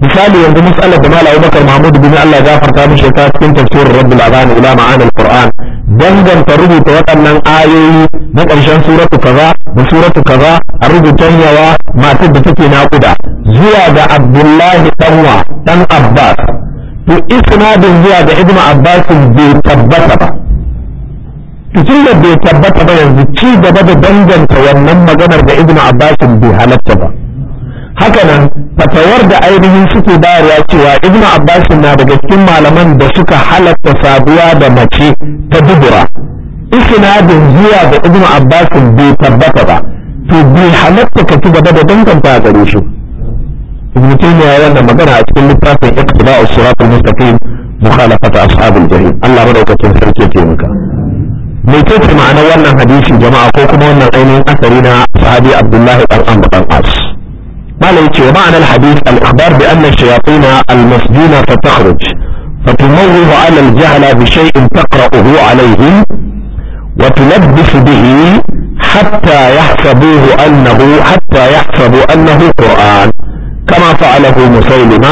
misali yanzu mas'alar da malam Abubakar Mahmud bin Allah gafarta mishi ta cikin tafsir Rabbul Azan ila ma'an al-Qur'an danganta rubuta waɗannan ayoyi na ƙarshen suratu kaza da suratu kaza a rubuta yawa matar da take naƙuda zuwa ga Abdullahi ɗanwa ɗan Abbas to isnadin zuwa ga Ibn Abbas bai tabbata ba tunda bai tabbata ba yanzu ci gaba da danganta wannan maganar da Ibn Abbas bai halatta ba haka nan fatawar da ainihin suke bayarwa cewa ibnu abbas na daga cikin malaman da suka halatta sabuwa da mace ta dubura isnadin zuwa da ibnu abbas bai tabbata ba to bai halatta ka ci gaba da danganta gare shi ibnu taymiya wannan magana a cikin littafin iqtida'us siratal mustaqim mukhalafat ashabul jahim Allah madaukakin sarki ya taimaka me ce ma'anar wannan hadisi jama'a ko kuma wannan ainihin asari na sahabi abdullahi dan amr dan as قال يتي ومعنى الحديث الإخبار بأن الشياطين المسجونة فتخرج فتموه على الجهل بشيء تقرأه عليهم وتلبس به حتى يحسبوه أنه حتى يحسبوا أنه قرآن كما فعله مسيلمة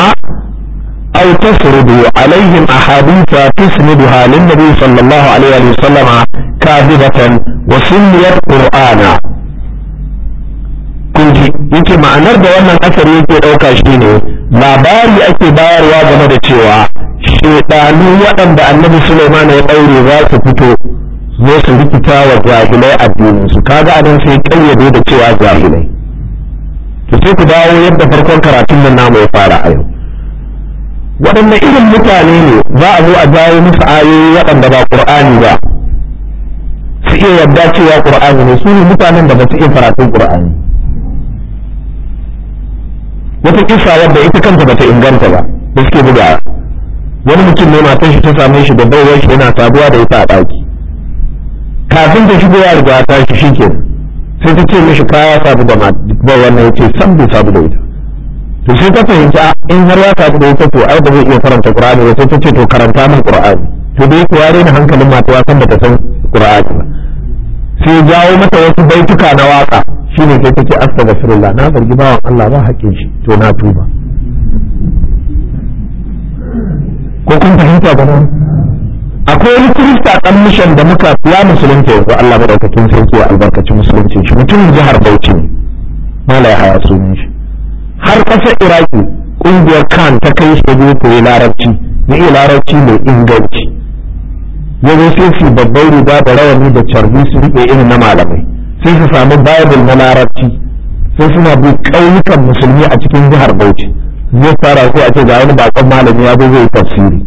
أو تسرد عليهم أحاديث تسندها للنبي صلى الله عليه وسلم كاذبة وسميت قرآنا kun yake ma'anar da wannan asari yake ɗauka shi ne labari ake bayarwa game da cewa shaidanu waɗanda annabi Sulaiman ya ɗaure za su fito zo su rikita wa jahilai addinin su kaga anan sai kayyade da cewa jahilai to sai ku dawo yadda farkon karatun nan namu ya fara a yau waɗanne irin mutane ne za a zo a jawo musu ayoyi waɗanda ba ƙur'ani ba su iya yadda cewa ƙur'ani ne su ne mutanen da ba su iya karatun ƙur'ani wata kisa wadda ita kanta bata inganta ba da suke buga wani mutum ne matan shi ta same shi da baiwar shi yana saduwa da ita a ɗaki kafin ta shigo ya riga ta shi shike sai ta ce mishi kaya sabu da baiwar na yace san bai sabu da ita to sai ta fahimci ah, in har ya sabu da ita to ai ba zai iya karanta qur'ani ba sai ta ce to karanta min qur'ani to dai ko yare ni hankalin matuwa ya san bata san qur'ani ba sai jawo mata wasu baituka na waka ne sai kace astaghfirullah na zargi wa Allah ba haƙin shi to na tuba ko kun fahimta ba nan akwai wani kirista kan mission da muka ya musulunci yanzu Allah madaukakin sarki ya albarkaci musulunci shi mutumin jihar Bauchi ne mala ya haya sunan shi har kasa Iraki kungiyar kan ta kai shi ya koyi larabci ne iya larabci mai inganci yanzu sai su babbar ruba da rawani da charbi su rike irin na malamai sai su sami bible na larabci sai suna bi ƙauyukan musulmi a cikin jihar bauchi zai fara ko a ce ga wani bakon malami ya zo zai tafsiri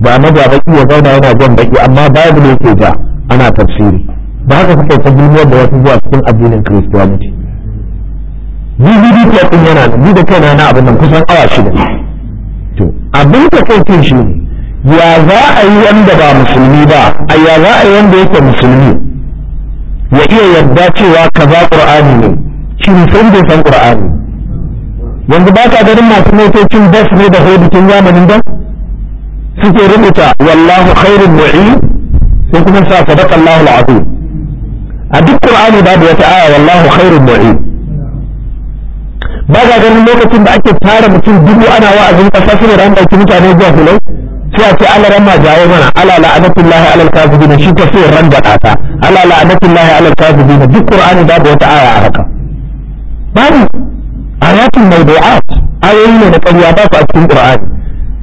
ba na da baki ya zauna yana jan baki amma bible yake ja ana tafsiri ba haka suka ta duniyar da wasu zuwa cikin addinin christianity ni ni ni kun yana ni da kaina na abin nan kusan awa shida to abin da kai kin shi ya za a yi wanda ba musulmi ba a ya za a yi wanda yake musulmi ya iya yarda cewa kaza qur'ani ne shi sun bai san qur'ani yanzu ba ka ganin masu motocin bas ne da hodikin zamanin da suke rubuta wallahu khairun mu'i sai kuma sa sadaqa Allahu al a duk qur'ani babu wata aya wallahu khairun mu'i ba ka ganin lokacin da ake tara mutum dubu ana wa'azin kasa suna ran bakin mutane zuwa filai sai ce ala ramma jawo mana ala la'anatullahi ala al-kafirin shi ka sai ran gada ta ala la'anatullahi ala al-kafirin duk qur'ani babu wata aya a haka babu ayatul mawdu'at ayoyi ne na ƙarya ba su a cikin qur'ani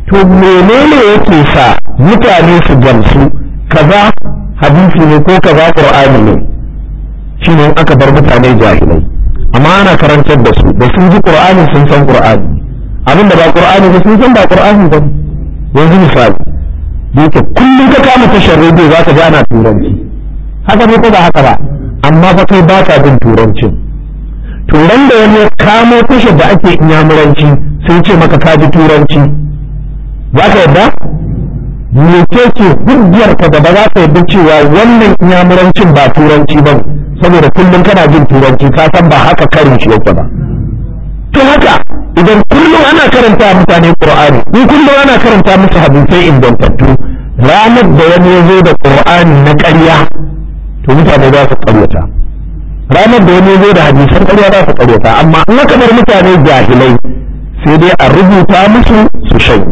to menene yake sa mutane su gamsu kaza hadisi ne ko kaza qur'ani ne shi ne aka bar mutane jahilai amma ana karantar da su da sun ji qur'ani sun san qur'ani abin da ba qur'ani ba sun san ba qur'ani ba yanzu misali duka kullum ka kama tashar rediyo za ka ji turanci haka ne ko ba haka ba amma fa kai ba ka jin turancin turan da wani kamo tashar da ake inyamuranci sun ce maka ka ji turanci za ka yadda mece ce ka da ba za ka yadda cewa wannan inyamurancin ba turanci ba saboda kullum kana jin turanci kasan ba haka karin shi yake ba don haka idan kullum ana karanta mutane qur'ani ni kullum ana karanta musu hadisai ingantattu ranar da wani ya zo da qur'ani na ƙarya to mutane za su ƙaryata ranar da wani ya zo da hadisan ƙarya za su ƙaryata amma in aka bar mutane jahilai sai dai a rubuta musu su shan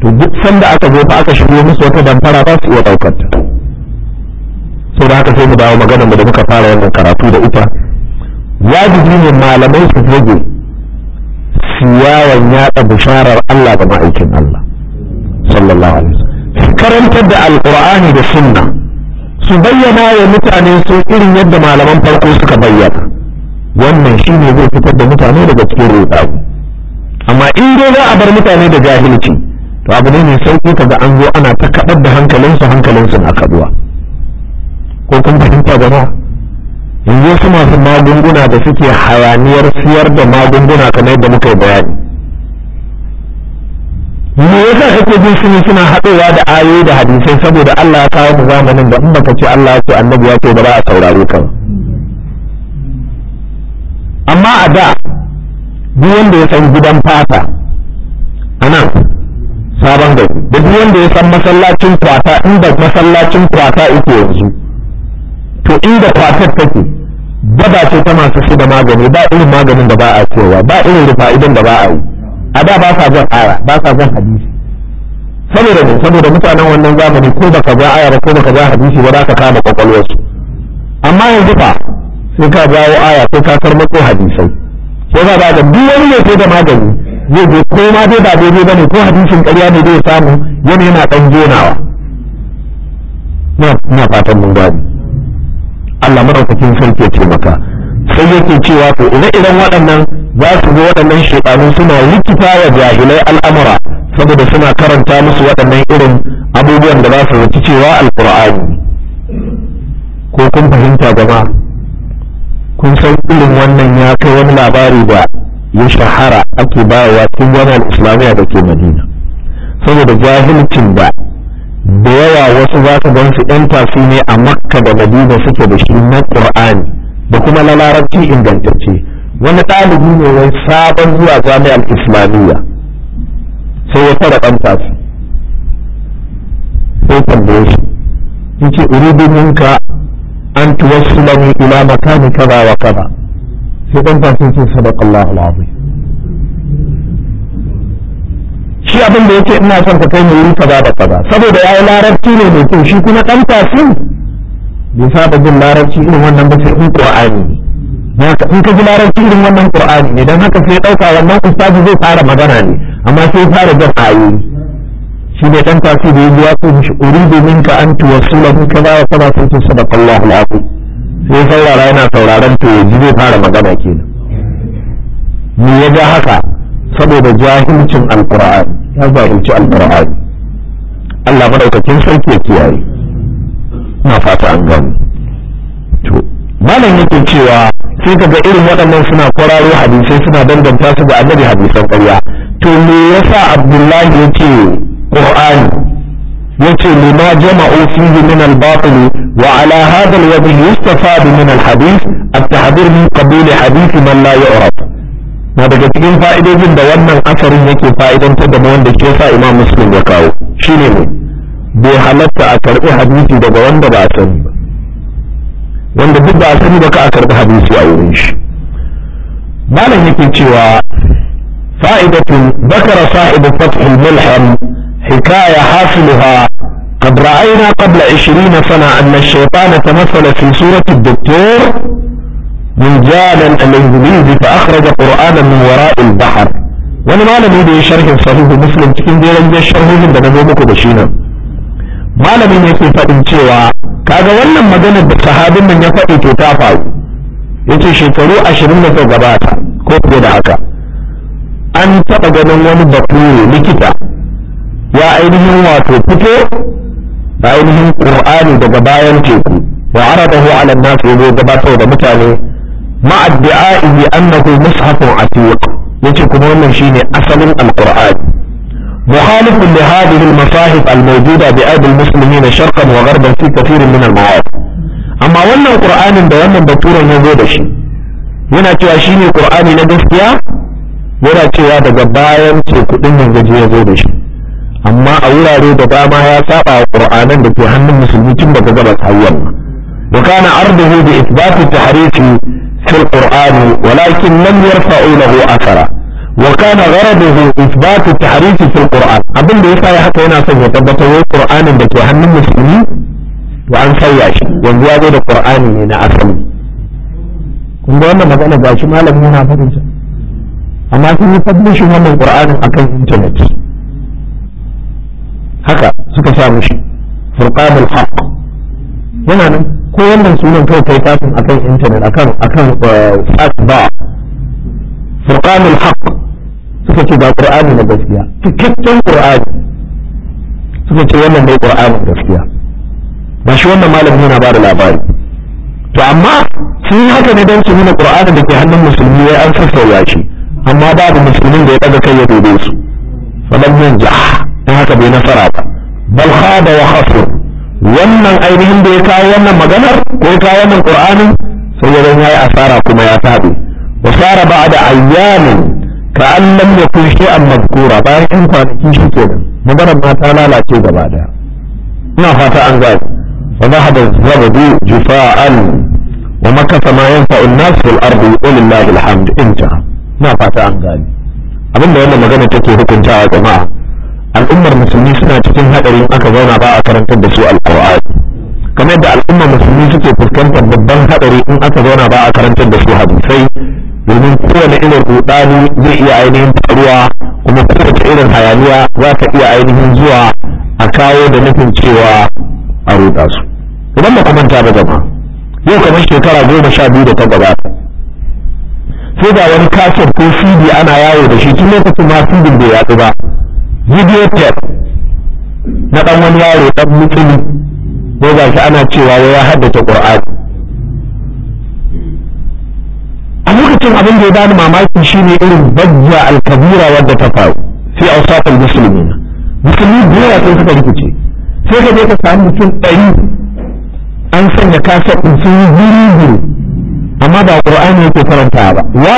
to duk sanda aka zo fa aka shigo musu wata damfara ba su iya ɗaukar ta sau da haka sai mu dawo magana mu da muka fara wannan karatu da ita wajibi ne malamai su rage yawon yaɗa bisharar Allah da ma'aikin Allah sallallahu alaihi su karantar da alkur'ani da sunna su bayyana wa mutane su irin yadda malaman farko suka bayyana wannan shine zai fitar da mutane daga cikin ruɗaɗu amma in dai za a bar mutane da jahilci to abu ne mai sauƙi kaga an zo ana ta kaɗar da hankalinsu hankalinsu na kaɗuwa ko kun fahimta jama'a yanzu wasu masu magunguna da suke hayaniyar siyar da magunguna kamar yadda muka yi bayani me yasa kake jin sun suna haɗewa da ayoyi da hadisai saboda Allah ya kawo mu zamanin da in baka ce Allah ya ce annabi ya ce ba za a saurare ka amma a da duk wanda ya san gidan fata a nan sabon gari da duk wanda ya san masallacin kwata inda masallacin kwata yake yanzu inda kwatar take daba ce ta masu shi da magani ba irin maganin da ba a cewa ba irin rufa idan da ba a yi a da ba sa zan aya ba sa zan hadisi saboda ne saboda mutanen wannan zamani ko baka ja aya ba ko baka ja hadisi ba za ka kama kwakwalwarsu amma yanzu fa sai ka jawo aya ko ka ko hadisai sai za ba da duk wani ne da magani zai je ko ma dai ba daidai bane ko hadisin ƙarya ne zai samu yana yana dan jonawa na fatan mun gani Allah madaukakin sarki ya taimaka sai yake cewa to ire-iren waɗannan za su zo waɗannan shekaru suna rikita wa jahilai al'amura saboda suna karanta musu waɗannan irin abubuwan da za su zaci cewa alƙur'ani ko kun fahimta gaba kun san irin wannan ya kai wani labari da ya shahara ake bayarwa cikin jami'ar islamiyya da ke madina saboda jahilcin ba. da yawa wasu za su gan su ɗan tafi ne a makka da madina suke da shi na ƙur'ani da kuma na larabci ingantacce wani ɗalibi ne wai sabon zuwa jami'ar islamiyya sai ya fara ɗan tafi sai tambaye shi yace uridu minka an tuwassilani ila makani kaza wa kaza sai ɗan tafi ce sadaqallahu alazim shi abin da yake ina son ka kai mai yi kaza da kaza saboda yayi larabci ne mai kyau shi kuma dan tafsir bai saba jin larabci irin wannan ba sai in qur'ani ne in ka ji larabci irin wannan qur'ani ne dan haka sai dauka wannan ustazi zai fara magana ne amma sai fara jin ayoyi shi ne dan tafsir da yaji wato mishi uridu minka an tuwassulahu kaza wa kaza sai to sadaqallahu alazim sai saurara yana sauraron to yaji zai fara magana kenan me ya ga haka saboda jahilcin alqur'ani ya jahilci alqur'ani Allah madaukakin sarki ya kiyaye na fata an gani to malam yake cewa sai kaga irin waɗannan suna kwararo hadisai suna danganta su ga annabi hadisan ƙarya to me yasa abdullahi yake qur'ani yace lima jama'u fihi min al-batil wa ala hadha al-wajh yustafad min al-hadith at-tahdhir min qabul hadith man la yu'raf na daga cikin fa'idojin da wannan asarin yake fa'idantar da wanda ke sa imam muslim ya kawo shine ne bai halatta a karbi hadisi daga wanda ba a sani ba wanda duk ba a sani ba ka a karbi hadisi a wurin shi malam yake cewa fa'idatu bakara sahib fath al-mulham hikaya الملحم qad ra'ayna qabla 20 sana anna ash أن tamathala fi surati ad-doktor منجالا الانجليزي فاخرج قرانا من وراء البحر wani malami da ya sharhin sahihu musulunci cikin jeran jan sharhohin da na zo muku da shi nan malamin ne ke faɗin cewa kaga wannan maganar da sahabin ya faɗi to ta faru yace shekaru ashirin da suka gabata ko fiye da haka an taɓa ganin wani bakure likita ya ainihin wato fito da ainihin qur'ani daga bayan teku wa aradahu ala an-nas yazo gabatar da mutane ma'a da'ihi annahu mushafun atiq yace kuma wannan shine asalin alqur'ani مخالف لهذه المصاحف الموجودة بأيدي المسلمين شرقا وغربا في كثير من wannan أما ولا القرآن ده ya بطورا da شيء yana cewa shi ne ƙur'ani na gaskiya yana cewa daga bayan ce kuɗin nan gaji ya zo da shi amma a wurare da dama ya saba wa ƙur'anan da ke hannun musulmi tun daga gabas har yamma arduhu bi ithbati tahrifi في القرآن ولكن لم يرفعوا له أثرا وكان غرضه إثبات التحريف في القرآن abin da yasa ya haka yana son ya tabbatar wa Qur'anin da ke hannun musulmi to an sauya shi yanzu ya zo da Qur'ani ne na asali kun ga wannan magana ba shi malamin yana faɗin amma sun yi publishing wannan Qur'anin akan internet haka suka sa mushi furqanul haqq yana nan ko wannan sunan kawai kai kafin kan intanet a kan uh, search ba furqanul haqq suka ce ga qur'ani na gaskiya cikakken qur'ani suka ce wannan dai qur'anin gaskiya ba shi wannan malamin yana ba da labari to amma sun yi haka ne don su nuna qur'anin da ke hannun musulmi ya an sassauya shi amma babu musulmin da ya daga kai ya dobe su falam yanjah ta haka bai nasara ba bal hada wa khasir wannan ainihin da ya kawo wannan maganar ko ya kawo wannan qur'anin sai ya zan yayi asara kuma ya tabi wa sara ba'da ayyamin ka an lam yakun an madkura bayan in kwanaki shi ke kenan maganar ma ta lalace gaba daya ina fata an gane wa zahaba zabadu jufa'an wa makasa ma yanfa'u in nas fil ardi walillahi alhamd inta ina fata an gane abinda wannan magana take hukuntawa jama'a al'ummar musulmi suna cikin haɗarin aka zauna ba a karantar da su alkur'ani kamar da al'ummar musulmi suke fuskantar babban haɗari in aka zauna ba a karantar da su hadisai domin kowane irin rudani zai iya ainihin faruwa kuma kowace irin hayaniya za ta iya ainihin zuwa a kawo da nufin cewa a ruɗa su idan ba manta ba gaba yau kamar shekara goma sha biyu da ta gabata sai da wani kasar ko fidi ana yawo da shi tun lokacin ma fidin bai yaɗu ba video tape na dan wani yaro dan mutum ko ga shi ana cewa ya haddace qur'ani a lokacin abin da ya bani mamaki shine irin bajja al-kabira wadda ta faru fi awsat al-muslimin musulmi biyar sun suka rikice sai ka je ka samu mutum ɗari an sanya kasa sun yi guri amma ba qur'ani yake karanta ba